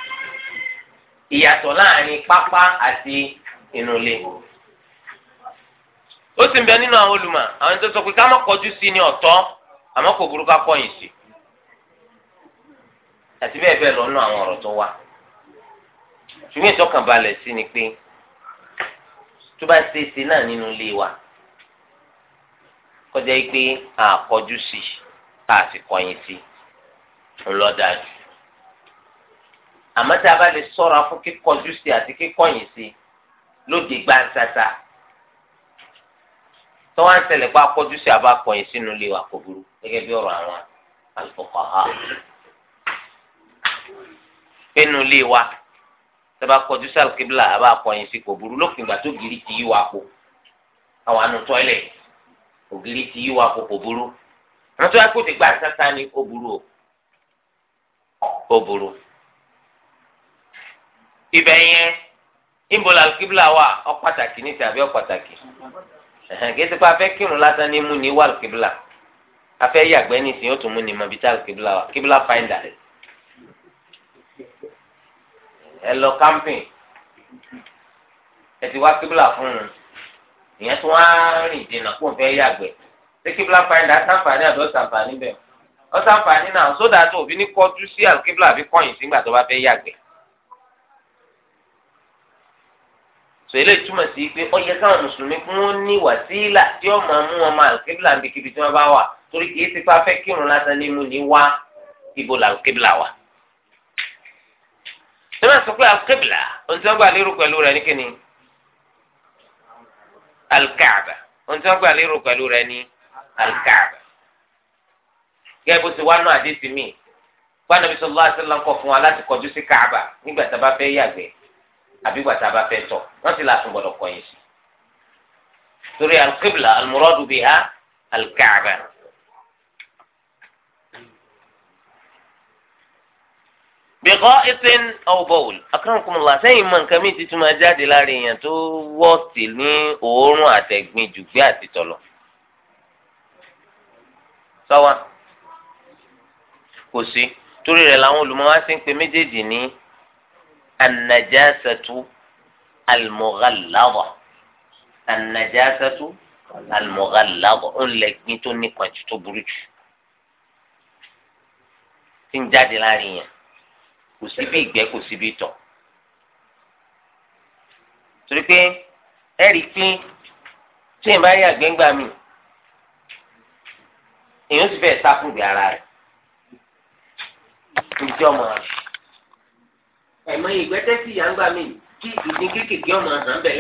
ìyàtọ̀ láàrin pápá àti inú ilé ó sì ń bẹ nínú àwọn olùmọ̀ àwọn tó sọ pé ká má kọjú sí ni ọ̀tọ̀ àmọ́ kò burú ká kọ̀yìn sí i àti bẹ́ẹ̀ bẹ́ẹ̀ lọ́nà àwọn ọ̀rọ̀ tó wá ṣùgbọ́n ìtọ́kànbalẹ̀ sí ni pé tó bá ṣe é ṣe náà nínú ilé wa kọjá yìí pé àkọjú sí a sì kọ̀yìn sí ńlọ́dájú àmọ́ tá a bá lè sọ́ra fún kíkọjú sí àti kíkọ̀yìn sí lóde gbàǹsàtà tó wá ń ṣẹlẹ̀ pé àkọjú sí àbá kọ̀yìn sínú ilé wa kò burú gẹ́gẹ́ bí ọ̀rọ̀ àwọn àlùfọ́kọ̀ ha pẹ́nu lé wa tẹ́bá kọjú sí alùkébílà àbá akọyìn sí kò burú lófin ìgbà tó gírí ti yí wa po àwọn àánú tọ́ilẹ̀ ògiri ti yí wa po kò burú àwọn tó yà ti gbà sáta ni ó burú o ó burú ibẹ̀ yẹn ìbò la kibla wa ọ pàtàkì ní tàbí ọ pàtàkì gẹ́gẹ́ bá a fẹ́ kírun lásán ní mú ní wà kibla a fẹ́ yàgbẹ́ nísìnyí ó tún mú ní mọ̀ bí tá kibla wa kibla finder ẹ lọ kámpìn ẹ ti wá kíbla fún un ìyẹn tó wá rìn dènà kó n fẹ́ yàgbẹ́ ṣé kíbla fáyidà sàǹfààní àbí ọ̀sàǹfààní bẹ́ẹ̀ ọ̀sàǹfààní náà sódà tó òfin ní kọjú sí àkíbla àbí kọ̀yìn sígbà tó bá fẹ́ yàgbẹ́. sọ eléyìí túmọ̀ sí pé ó yẹ káwọn mùsùlùmí kún ó ní wàsílà tí ó máa mú wọn máa àkíbla níbikíbi tí wọ́n bá wà torí kì í ti pa fẹ́ kírun lásán ní mú ní wá ibo làkíbla wà ẹ máa sọ pé alkebla onítọ́gbà lérò pẹ̀lú rẹ̀ ní kíni alkaaba onítọ́gbà lérò pẹ̀lú rẹ̀ ní alkaaba gẹ́gẹ́ bó ti wá náà àdé sí mi fáwọn ẹbí sọlá àṣẹlá ń kọ fún wa láti kọjú sí kaaba nígbà tá a bá fẹ́ yàgbẹ́ àbí gbà tá a bá fẹ́ tọ̀ wọ́n ti láàtún gbọ́dọ̀ kọyìn sí torí alkebla almuradu biha alkaaba. bìkọ́ ìsìn ọ̀bọ̀wòl akọ́nkùnmọ̀lá sẹ́yìn mọ̀ nǹkan mìíràn títún máa jáde lára èèyàn tó wọ́ọ̀sì ní òórùn àtẹ̀gbin jùgbé àti tọ̀lọ̀. sọ́wọ́ kò sí torí rẹ̀ làwọn olùmọ̀wá sí ń pe méjèèjì ní anajasatu almughalladha anajasatu almughalladha ńlẹ̀gbin tó nípa jù tó burú jù tí ń jáde lára èèyàn kò síbi ìgbẹ́ kò síbi ìtọ̀ torí pé ẹ rí i pé tí èèyàn bá rí àgbẹ̀ngbà mi èèyàn sì fẹ́ẹ́ sákùnbí ara rẹ̀ ìjọ mọ̀ ẹ̀ mọ ìgbẹ́tẹ́sì yàgbà mi kí ìdí kéékèèké ọmọ hàn bẹ̀lẹ̀.